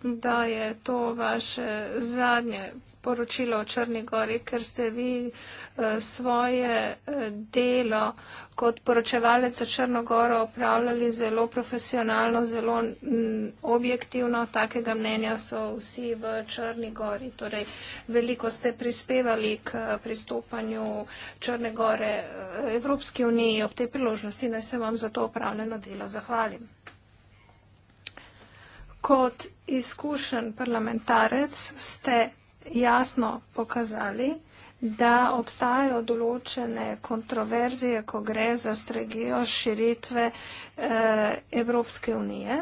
da je to vaše zadnje poročilo o Črni Gori, ker ste vi eh, svoje eh, delo kot poročevalec o Črno Goro opravljali zelo profesionalno, zelo mm, objektivno. Takega mnenja so vsi v Črni Gori. Torej, veliko ste prispevali k eh, pristopanju Črne Gore Evropski uniji. Ob tej priložnosti naj se vam za to opravljeno delo zahvalim kot izkušen parlamentarec ste jasno pokazali, da obstajajo določene kontroverzije, ko gre za strategijo širitve eh, Evropske unije.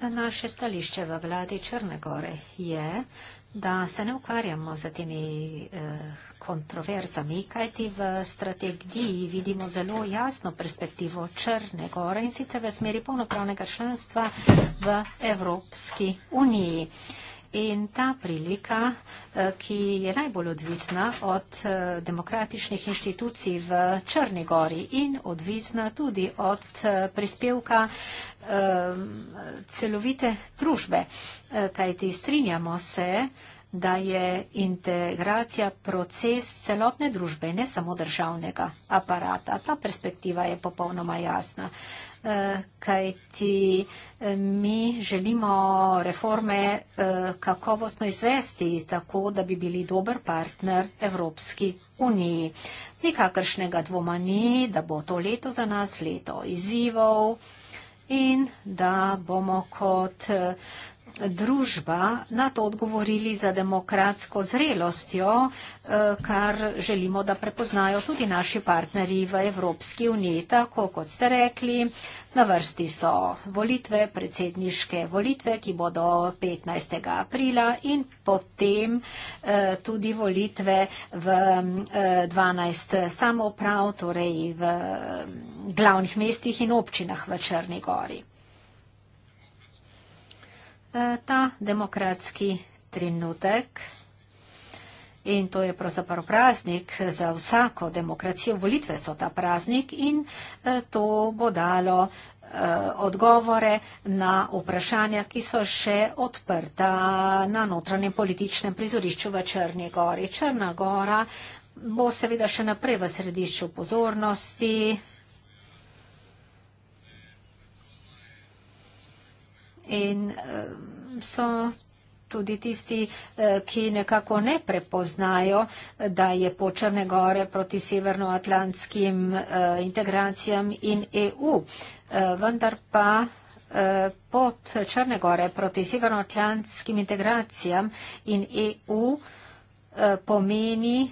Naše stališče v vladi Črne Gore je, da se ne ukvarjamo z temi eh, kontroverzami, kajti v strategiji vidimo zelo jasno perspektivo Črne gore in sicer v smeri polnopravnega članstva v Evropski uniji. Eh, In ta prilika, eh, ki je najbolj odvisna od eh, demokratičnih inštitucij v Črni gori in odvisna tudi od eh, prispevka celovite družbe, kajti strinjamo se, da je integracija proces celotne družbe, ne samo državnega aparata. Ta perspektiva je popolnoma jasna. Eh, kajti eh, mi želimo reforme eh, kakovostno izvesti, tako da bi bili dober partner Evropski uniji. Nikakršnega dvoma ni, da bo to leto za nas leto izzivov in da bomo kot družba na to odgovorili za demokratsko zrelostjo, eh, kar želimo, da prepoznajo tudi naši partnerji v Evropski uniji. Tako kot ste rekli, na vrsti so volitve, predsedniške volitve, ki bodo 15. aprila in potem eh, tudi volitve v 12 eh, samoprav, torej v glavnih mestih in občinah v Črni Gori. Eh, ta demokratski trenutek. In to je pravzaprav praznik za vsako demokracijo. Volitve so ta praznik in eh, to bo dalo eh, odgovore na vprašanja, ki so še odprta na notranjem političnem prizorišču v Črni gori. Črna gora bo seveda še naprej v središču pozornosti. in eh, so tudi tisti, eh, ki nekako ne prepoznajo, da je po eh, e Črne gore proti severnoatlantskim integracijam in EU. Vendar pa pod Črne gore proti severnoatlantskim integracijam in EU pomeni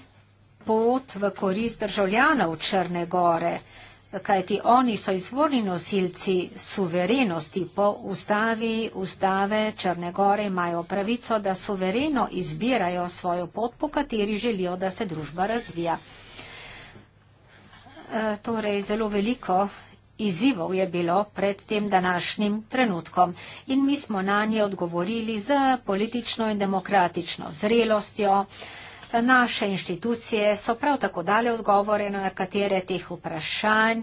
pot v korist državljanov Črne gore kajti oni so izvorni nosilci suverenosti po ustavi, ustave Črne Gore imajo pravico, da suvereno izbirajo svojo pot, po kateri želijo, da se družba razvija. E, torej, zelo veliko izzivov je bilo pred tem današnjim trenutkom in mi smo na nje odgovorili z politično in demokratično zrelostjo, Naše inštitucije so prav tako dale odgovore na nekatere teh vprašanj,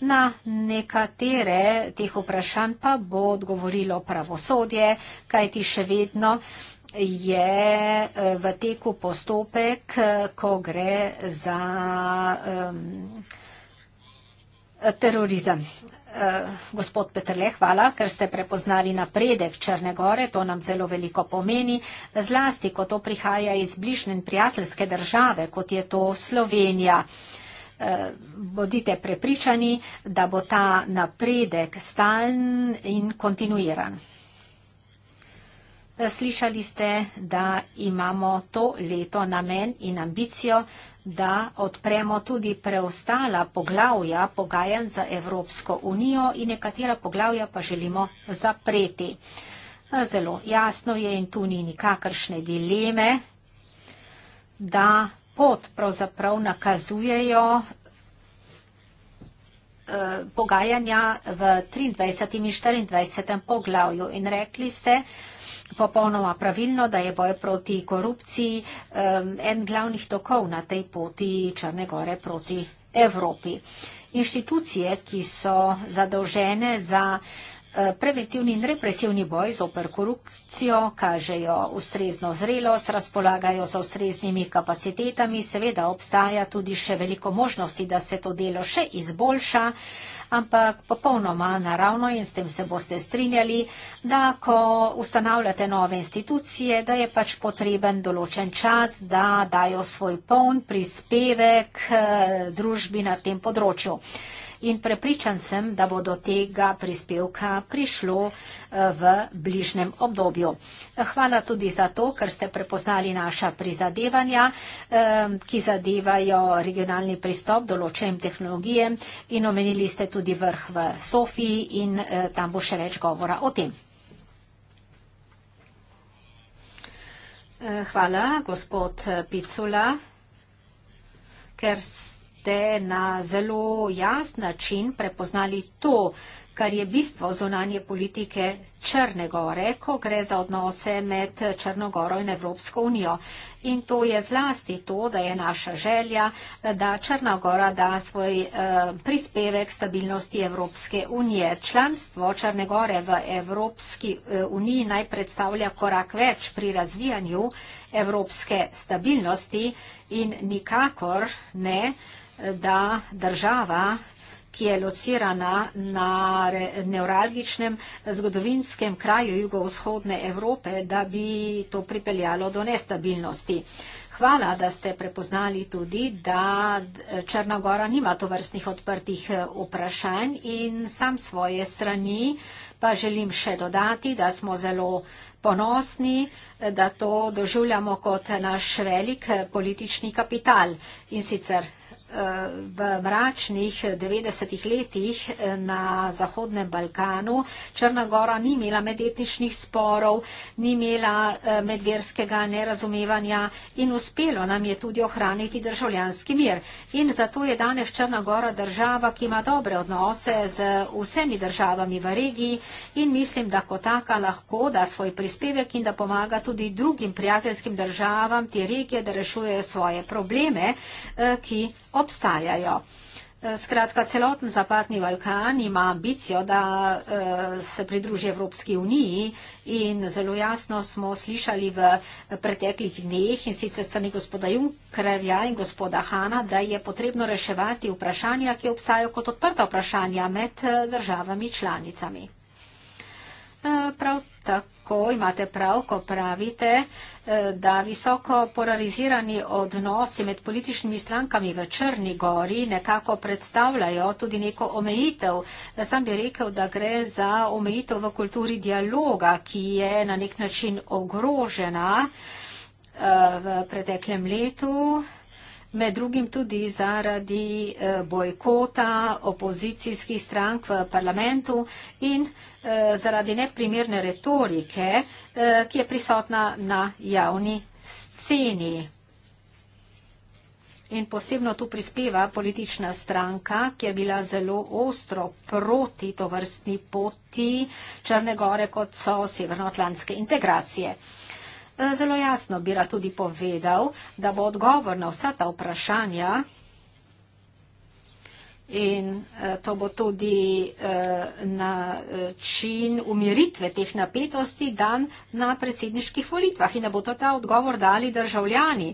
na nekatere teh vprašanj pa bo odgovorilo pravosodje, kajti še vedno je eh, v teku postopek, eh, ko gre za um, terorizem. Eh, gospod Petrle, hvala, ker ste prepoznali napredek Črne Gore, to nam zelo veliko pomeni, zlasti, ko to prihaja iz bližnje in prijateljske države, kot je to Slovenija. Eh, bodite prepričani, da bo ta napredek stalen in kontinuiran. Slišali ste, da imamo to leto namen in ambicijo, da odpremo tudi preostala poglavja pogajanj za Evropsko unijo in nekatera poglavja pa želimo zapreti. Zelo jasno je in tu ni nikakršne dileme, da pot pravzaprav nakazujejo eh, pogajanja v 23. in 24. poglavju. In rekli ste, popolnoma pravilno, da je boj proti korupciji en glavnih tokov na tej poti Črne gore proti Evropi. Inštitucije, ki so zadolžene za e, preventivni in represivni boj z oper korupcijo, kažejo ustrezno zrelost, razpolagajo za ustreznimi kapacitetami, seveda obstaja tudi še veliko možnosti, da se to delo še izboljša ampak popolnoma naravno in s tem se boste strinjali, da ko ustanavljate nove institucije, da je pač potreben določen čas, da dajo svoj poln prispevek eh, družbi na tem področju in prepričan sem, da bo do tega prispevka prišlo eh, v bližnem obdobju. Hvala tudi za to, ker ste prepoznali naša prizadevanja, eh, ki zadevajo regionalni pristop določenim tehnologijem in omenili ste tudi vrh v Sofiji in eh, tam bo še več govora o tem. Hvala, gospod Picula, ker ste boste na zelo jas način prepoznali to, kar je bistvo zunanje politike Črne gore, ko gre za odnose med Črnogoro in Evropsko unijo. In to je zlasti to, da je naša želja, da Črnagora da svoj eh, prispevek stabilnosti Evropske unije. Članstvo Črnegore v Evropski eh, uniji naj predstavlja korak več pri razvijanju evropske stabilnosti in nikakor ne da država, ki je locirana na neuralgičnem zgodovinskem kraju jugovzhodne Evrope, da bi to pripeljalo do nestabilnosti. Hvala, da ste prepoznali tudi, da Črnagora nima tovrstnih odprtih eh, vprašanj in sam svoje strani pa želim še dodati, da smo zelo ponosni, eh, da to doživljamo kot naš velik eh, politični kapital in sicer v mračnih 90-ih letih eh, na Zahodnem Balkanu. Črna Gora ni imela medetničnih sporov, ni imela eh, medverskega nerazumevanja in uspelo nam je tudi ohraniti državljanski mir. In zato je danes Črna Gora država, ki ima dobre odnose z vsemi državami v regiji in mislim, da kot taka lahko da svoj prispevek in da pomaga tudi drugim prijateljskim državam te regije, da rešujejo svoje probleme, eh, ki obstajajo obstajajo. E, skratka, celoten Zapadni Balkan ima ambicijo, da e, se pridruži Evropski uniji in zelo jasno smo slišali v preteklih dneh in sicer strani gospoda Junkrarja in gospoda Hana, da je potrebno reševati vprašanja, ki obstajajo kot odprta vprašanja med e, državami članicami. Prav tako lahko imate prav, ko pravite, eh, da visoko polarizirani odnosi med političnimi strankami v Črni gori nekako predstavljajo tudi neko omejitev. Eh, sam bi rekel, da gre za omejitev v kulturi dialoga, ki je na nek način ogrožena eh, v preteklem letu med drugim tudi zaradi eh, bojkota opozicijskih strank v parlamentu in eh, zaradi neprimerne retorike, eh, ki je prisotna na javni sceni. In posebno tu prispeva politična stranka, ki je bila zelo ostro proti to vrstni poti Črne gore kot so severnoatlantske integracije. Eh, zelo jasno bi rad tudi povedal, da bo odgovor na vsa ta vprašanja in eh, to bo tudi eh, način umiritve teh napetosti dan na predsedniških volitvah in da bo to ta odgovor dali državljani.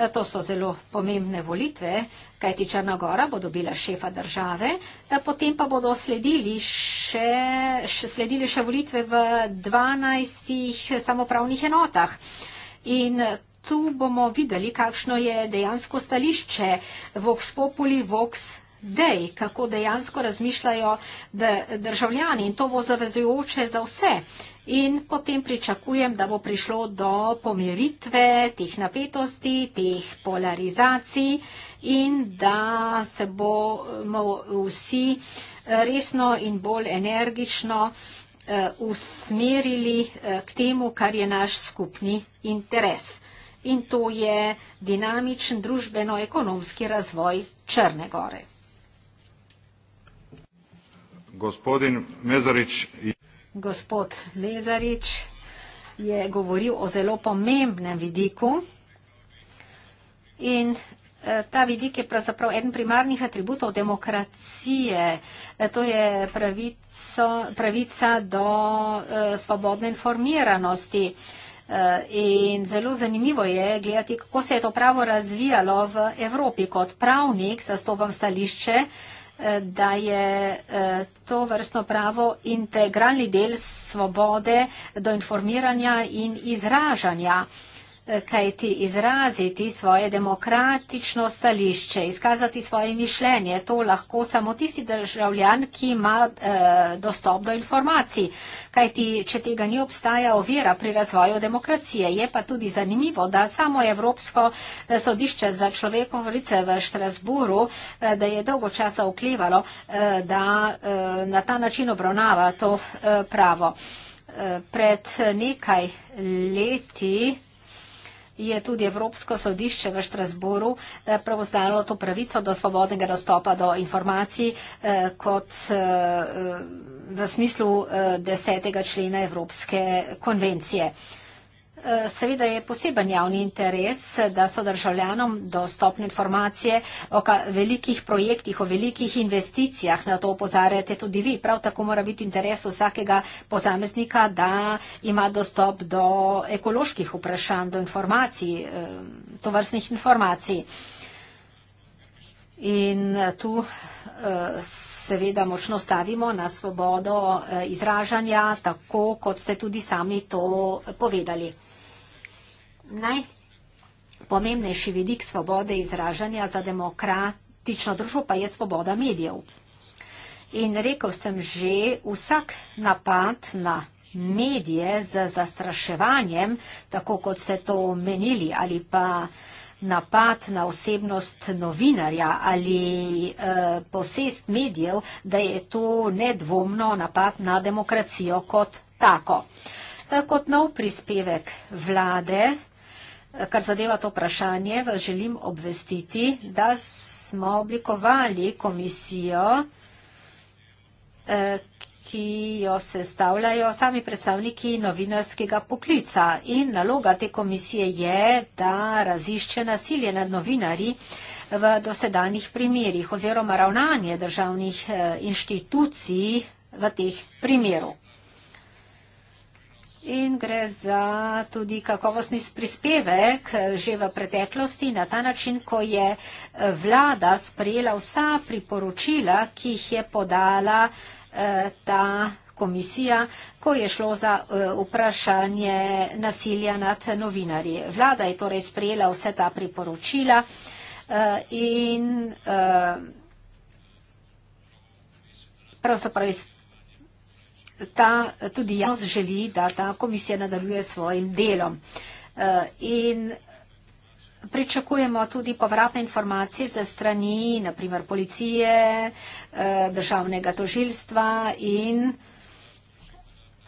Eh, to so zelo pomembne volitve, kajti Črnagora bo dobila šefa države, eh, potem pa bodo sledili še, še, sledili še volitve v 12 samopravnih enotah. In eh, tu bomo videli, kakšno je dejansko stališče Vox Populi, Vox Dej, kako dejansko razmišljajo državljani. In to bo zavezujoče za vse in potem pričakujem, da bo prišlo do pomiritve teh napetosti, teh polarizacij in da se bomo vsi resno in bolj energično eh, usmerili eh, k temu, kar je naš skupni interes. In to je dinamičen družbeno-ekonomski razvoj Črne gore. Gospodin Mezarič gospod Lezarič je govoril o zelo pomembnem vidiku in eh, ta vidik je pravzaprav eden primarnih atributov demokracije. Eh, to je pravico, pravica do eh, svobodne informiranosti. In zelo zanimivo je gledati, kako se je to pravo razvijalo v Evropi. Kot pravnik zastopam stališče, da je eh, to vrstno pravo integralni del svobode do informiranja in izražanja kajti izraziti svoje demokratično stališče, izkazati svoje mišljenje, to lahko samo tisti državljan, ki ima eh, dostop do informacij. Kajti, če tega ni obstaja ovira pri razvoju demokracije, je pa tudi zanimivo, da samo Evropsko eh, sodišče za človekov vrice v Štrasburu, eh, da je dolgo časa vklivalo, eh, da eh, na ta način obravnava to eh, pravo. Eh, pred nekaj leti, je tudi Evropsko sodišče v Štrasburu eh, pravozdalo to pravico do svobodnega dostopa do informacij eh, kot eh, v smislu desetega člena Evropske konvencije. Seveda je poseben javni interes, da so državljanom dostopne informacije o velikih projektih, o velikih investicijah. Na to opozarjate tudi vi. Prav tako mora biti interes vsakega posameznika, da ima dostop do ekoloških vprašanj, do informacij, eh, tovrstnih informacij. In eh, tu eh, seveda močno stavimo na svobodo izražanja, tako kot ste tudi sami to povedali najpomembnejši vidik svobode izražanja za demokratično družbo pa je svoboda medijev. In rekel sem že, vsak napad na medije z zastraševanjem, tako kot ste to omenili, ali pa napad na osebnost novinarja ali e, posest medijev, da je to nedvomno napad na demokracijo kot tako. E, kot nov prispevek vlade Kar zadeva to vprašanje, vas želim obvestiti, da smo oblikovali komisijo, eh, ki jo sestavljajo sami predstavniki novinarskega poklica. In naloga te komisije je, da razišče nasilje nad novinarji v dosedanjih primerjih oziroma ravnanje državnih eh, inštitucij v teh primerjih. In gre za tudi kakovostni prispevek že v preteklosti na ta način, ko je eh, vlada sprejela vsa priporočila, ki jih je podala eh, ta komisija, ko je šlo za eh, vprašanje nasilja nad novinarji. Vlada je torej sprejela vse ta priporočila in pravzaprav izprejela ta, tudi javnost želi, da ta komisija nadaljuje svojim delom. Eh, in pričakujemo tudi povratne informacije za strani, naprimer, policije, eh, državnega tožilstva in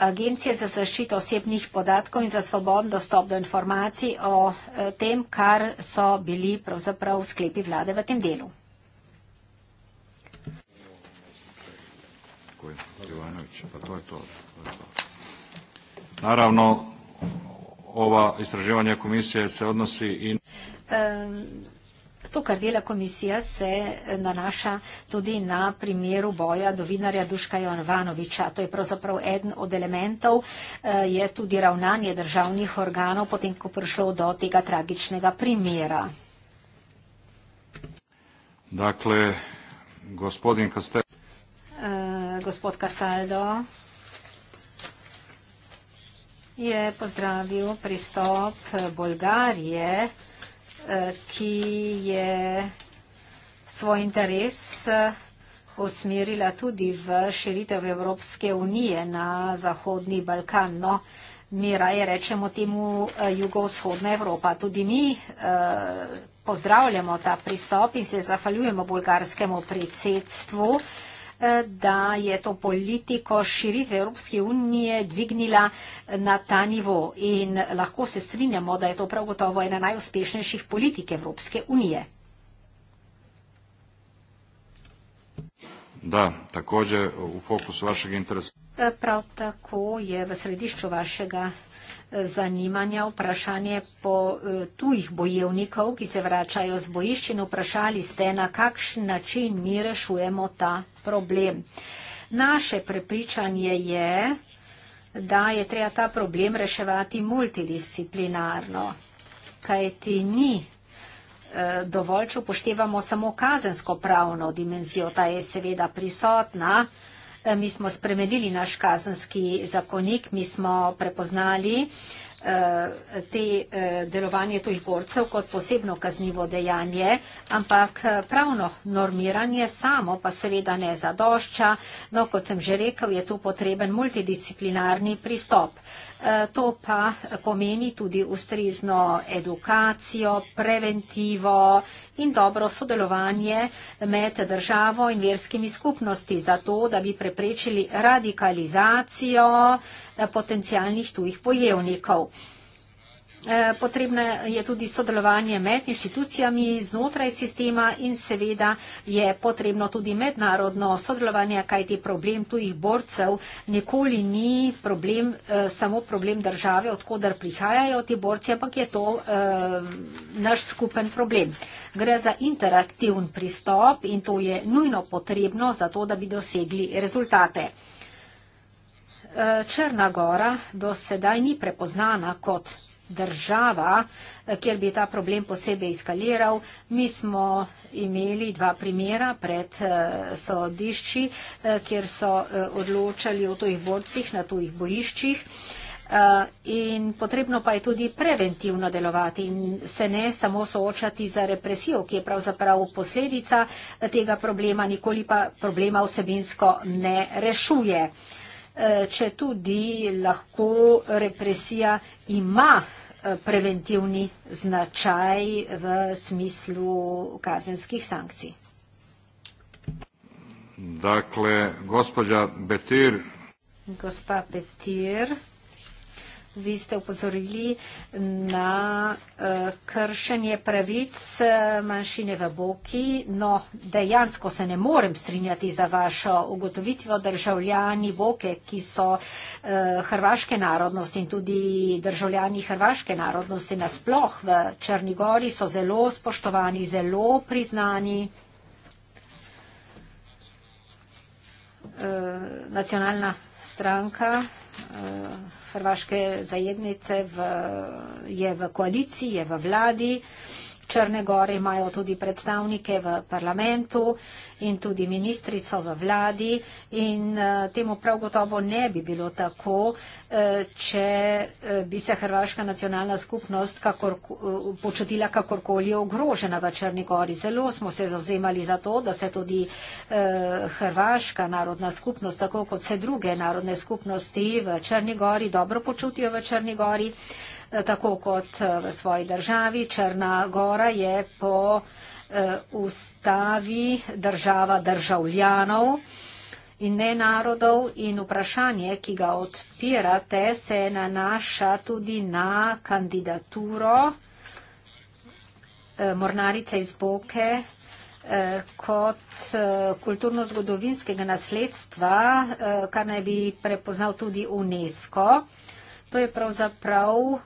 Agencije za zaščito osebnih podatkov in za svobodno dostop do informacij o eh, tem, kar so bili pravzaprav sklepi vlade v tem delu. Jovanović, pa to je to. Naravno, ova istraživanja komisije se odnosi i... To, kar dela komisija, se nanaša tudi na primeru boja dovinarja Duška Jovanoviča. To je pravzaprav eden od elementov, eh, je tudi ravnanje državnih organov, potem, ko prišlo do tega tragičnega primera. Dakle, gospodin Kastel... Uh gospod Castaldo je pozdravil pristop Bolgarije, eh, ki je svoj interes eh, usmerila tudi v širitev Evropske unije na Zahodni Balkan. No, mi raje rečemo temu eh, jugovzhodna Evropa. Tudi mi eh, pozdravljamo ta pristop in se zahvaljujemo bolgarskemu predsedstvu. Eh, da je to politiko širitve Evropske unije dvignila na ta nivo in lahko se strinjamo, da je to prav gotovo ena najuspešnejših politik Evropske unije. Da, također u fokusu vašeg interesa. Prav tako je v središču vašega eh, zanimanja vprašanje po eh, tujih bojevnikov, ki se vračajo z bojišč in vprašali ste, na kakšen način mi rešujemo ta problem. Naše prepričanje je, da je treba ta problem reševati multidisciplinarno, kajti ni eh, dovolj, če upoštevamo samo kazensko pravno dimenzijo, ta je seveda prisotna, Eh, mi smo spremenili naš kazanski zakonik, mi smo prepoznali eh, te eh, delovanje tujih borcev kot posebno kaznivo dejanje, ampak pravno normiranje samo pa seveda ne zadošča, no kot sem že rekel, je tu potreben multidisciplinarni pristop. To pa pomeni tudi ustrezno edukacijo, preventivo in dobro sodelovanje med državo in verskimi skupnosti za to, da bi preprečili radikalizacijo potencialnih tujih pojevnikov. Eh, potrebno je tudi sodelovanje med inštitucijami znotraj sistema in seveda je potrebno tudi mednarodno sodelovanje, kajti problem tujih borcev nikoli ni problem, eh, samo problem države, odkudar prihajajo ti borci, ampak je to eh, naš skupen problem. Gre za interaktivn pristop in to je nujno potrebno za to, da bi dosegli rezultate. Črna gora do sedaj ni prepoznana kot problem država, eh, kjer bi ta problem posebej eskaliral. Mi smo imeli dva primera pred eh, sodišči, eh, kjer so odločali o tujih borcih na tujih bojiščih. In potrebno pa je tudi preventivno delovati in se ne samo soočati za represijo, ki je pravzaprav posledica tega problema, nikoli pa problema vsebinsko ne rešuje. Če tudi lahko represija ima preventivni značaj v smislu kazenskih sankcij. Dakle, gospođa Betir. Gospa Petir. Vi ste upozorili na uh, kršenje pravic eh, manjšine v Boki, no dejansko se ne morem strinjati za vašo ugotovitvo državljani Boke, ki so uh, hrvaške narodnosti in tudi državljani hrvaške narodnosti nasploh v Črnigori so zelo spoštovani, zelo priznani. Uh, nacionalna stranka. Uh, hrvaške zajednice v, je v koaliciji, je v vladi. Uh, Črne gore imajo tudi predstavnike v parlamentu in tudi ministrico v vladi in eh, temu prav gotovo ne bi bilo tako, eh, če eh, bi se Hrvaška nacionalna skupnost kakor, počutila kakorkoli ogrožena v Črni gori. Zelo smo se zauzemali za to, da se tudi Hrvaška narodna skupnost, tako kot se druge narodne skupnosti v Črni gori, dobro počutijo v Črni gori tako kot eh, v svoji državi. Črna Gora je po eh, ustavi država državljanov in ne narodov in vprašanje, ki ga odpirate, se nanaša tudi na kandidaturo eh, Mornarice iz Boke kot kulturno-zgodovinskega nasledstva, kar naj bi prepoznal tudi UNESCO. To je pravzaprav prav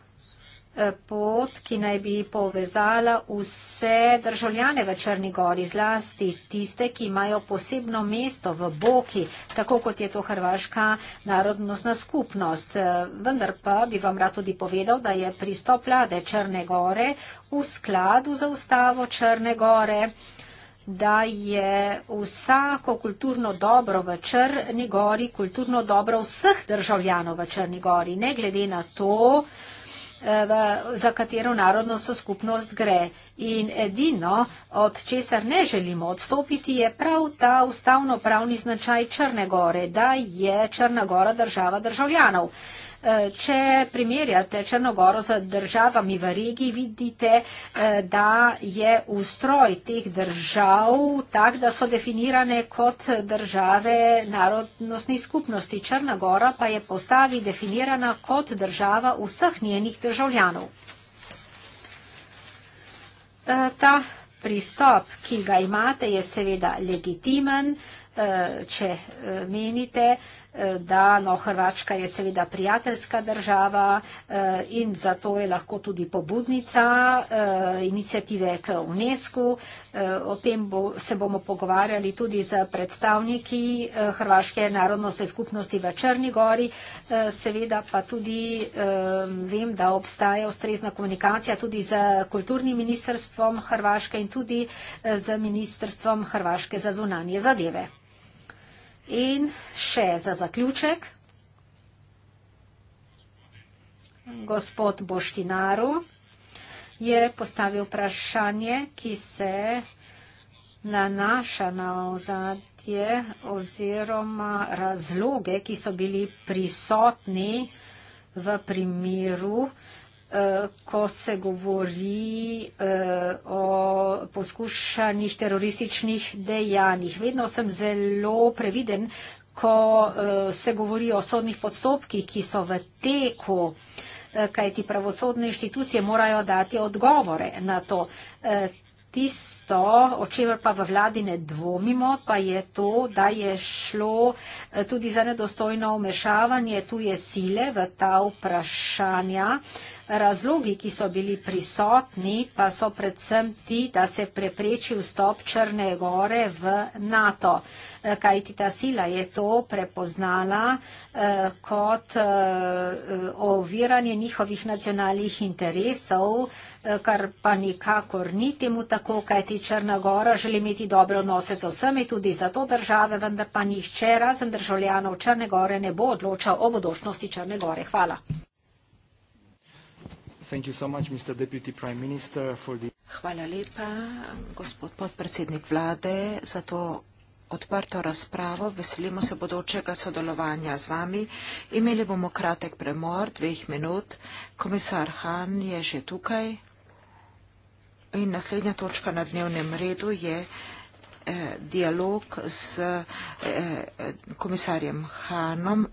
pot, ki naj bi povezala vse državljane v Črni gori, zlasti tiste, ki imajo posebno mesto v Boki, tako kot je to Hrvaška narodnostna skupnost. Vendar pa bi vam rad tudi povedal, da je pristop vlade Črne gore v skladu za ustavo Črne gore da je vsako kulturno dobro v Črni gori kulturno dobro vseh državljanov v Črni gori, ne glede na to, za katero narodno so skupnost gre. In edino, od česar ne želimo odstopiti, je prav ta ustavno-pravni značaj Črne gore, da je Črna gora država državljanov. E, če primerjate Črnogoro z državami v regiji, vidite, e, da je ustroj teh držav tak, da so definirane kot države narodnostnih skupnosti. Črnagora pa je postavi definirana kot država vseh njenih državljanov. Eh, ta pristop, ki ga imate, je seveda legitimen, eh, če eh, menite, da no, Hrvačka je seveda prijateljska država eh, in zato je lahko tudi pobudnica eh, inicijative k UNESCO. Eh, o tem bo, se bomo pogovarjali tudi z predstavniki Hrvaške narodnostne skupnosti v Črni gori. Seveda pa tudi vem, da obstaja ustrezna komunikacija tudi z kulturnim ministrstvom Hrvaške in tudi z ministrstvom Hrvaške za zunanje zadeve. In še za zaključek, gospod Boštinaru je postavil vprašanje, ki se nanaša na ozadje oziroma razloge, ki so bili prisotni v primeru Eh, ko se govori uh, o poskušanih terorističnih dejanjih. Vedno sem zelo previden, ko uh, se govori o sodnih podstopkih, ki so v teku, uh, kajti pravosodne inštitucije morajo dati odgovore na to. Uh, tisto, o čemer pa v vladi ne dvomimo, pa je to, da je šlo uh, tudi za nedostojno omešavanje tuje sile v ta vprašanja. Uh, Razlogi, ki so bili prisotni, pa so predvsem ti, da se prepreči vstop Črne gore v NATO. Eh, kaj ti ta sila je to prepoznala eh, kot eh, oviranje njihovih nacionalnih interesov, kar pa nikakor ni temu tako, kaj ti Črna gora želi imeti dobro odnose z vsemi, tudi za to države, vendar pa nihče razen državljanov Črne gore ne bo odločal o bodočnosti Črne gore. Hvala. Hvala lepa, gospod podpredsednik vlade, za to odprto razpravo. Veselimo se bodočega sodelovanja z vami. Imeli bomo kratek premor, dveh minut. Komisar Han je že tukaj. In naslednja točka na dnevnem redu je eh, dialog z eh, eh, komisarjem Hanom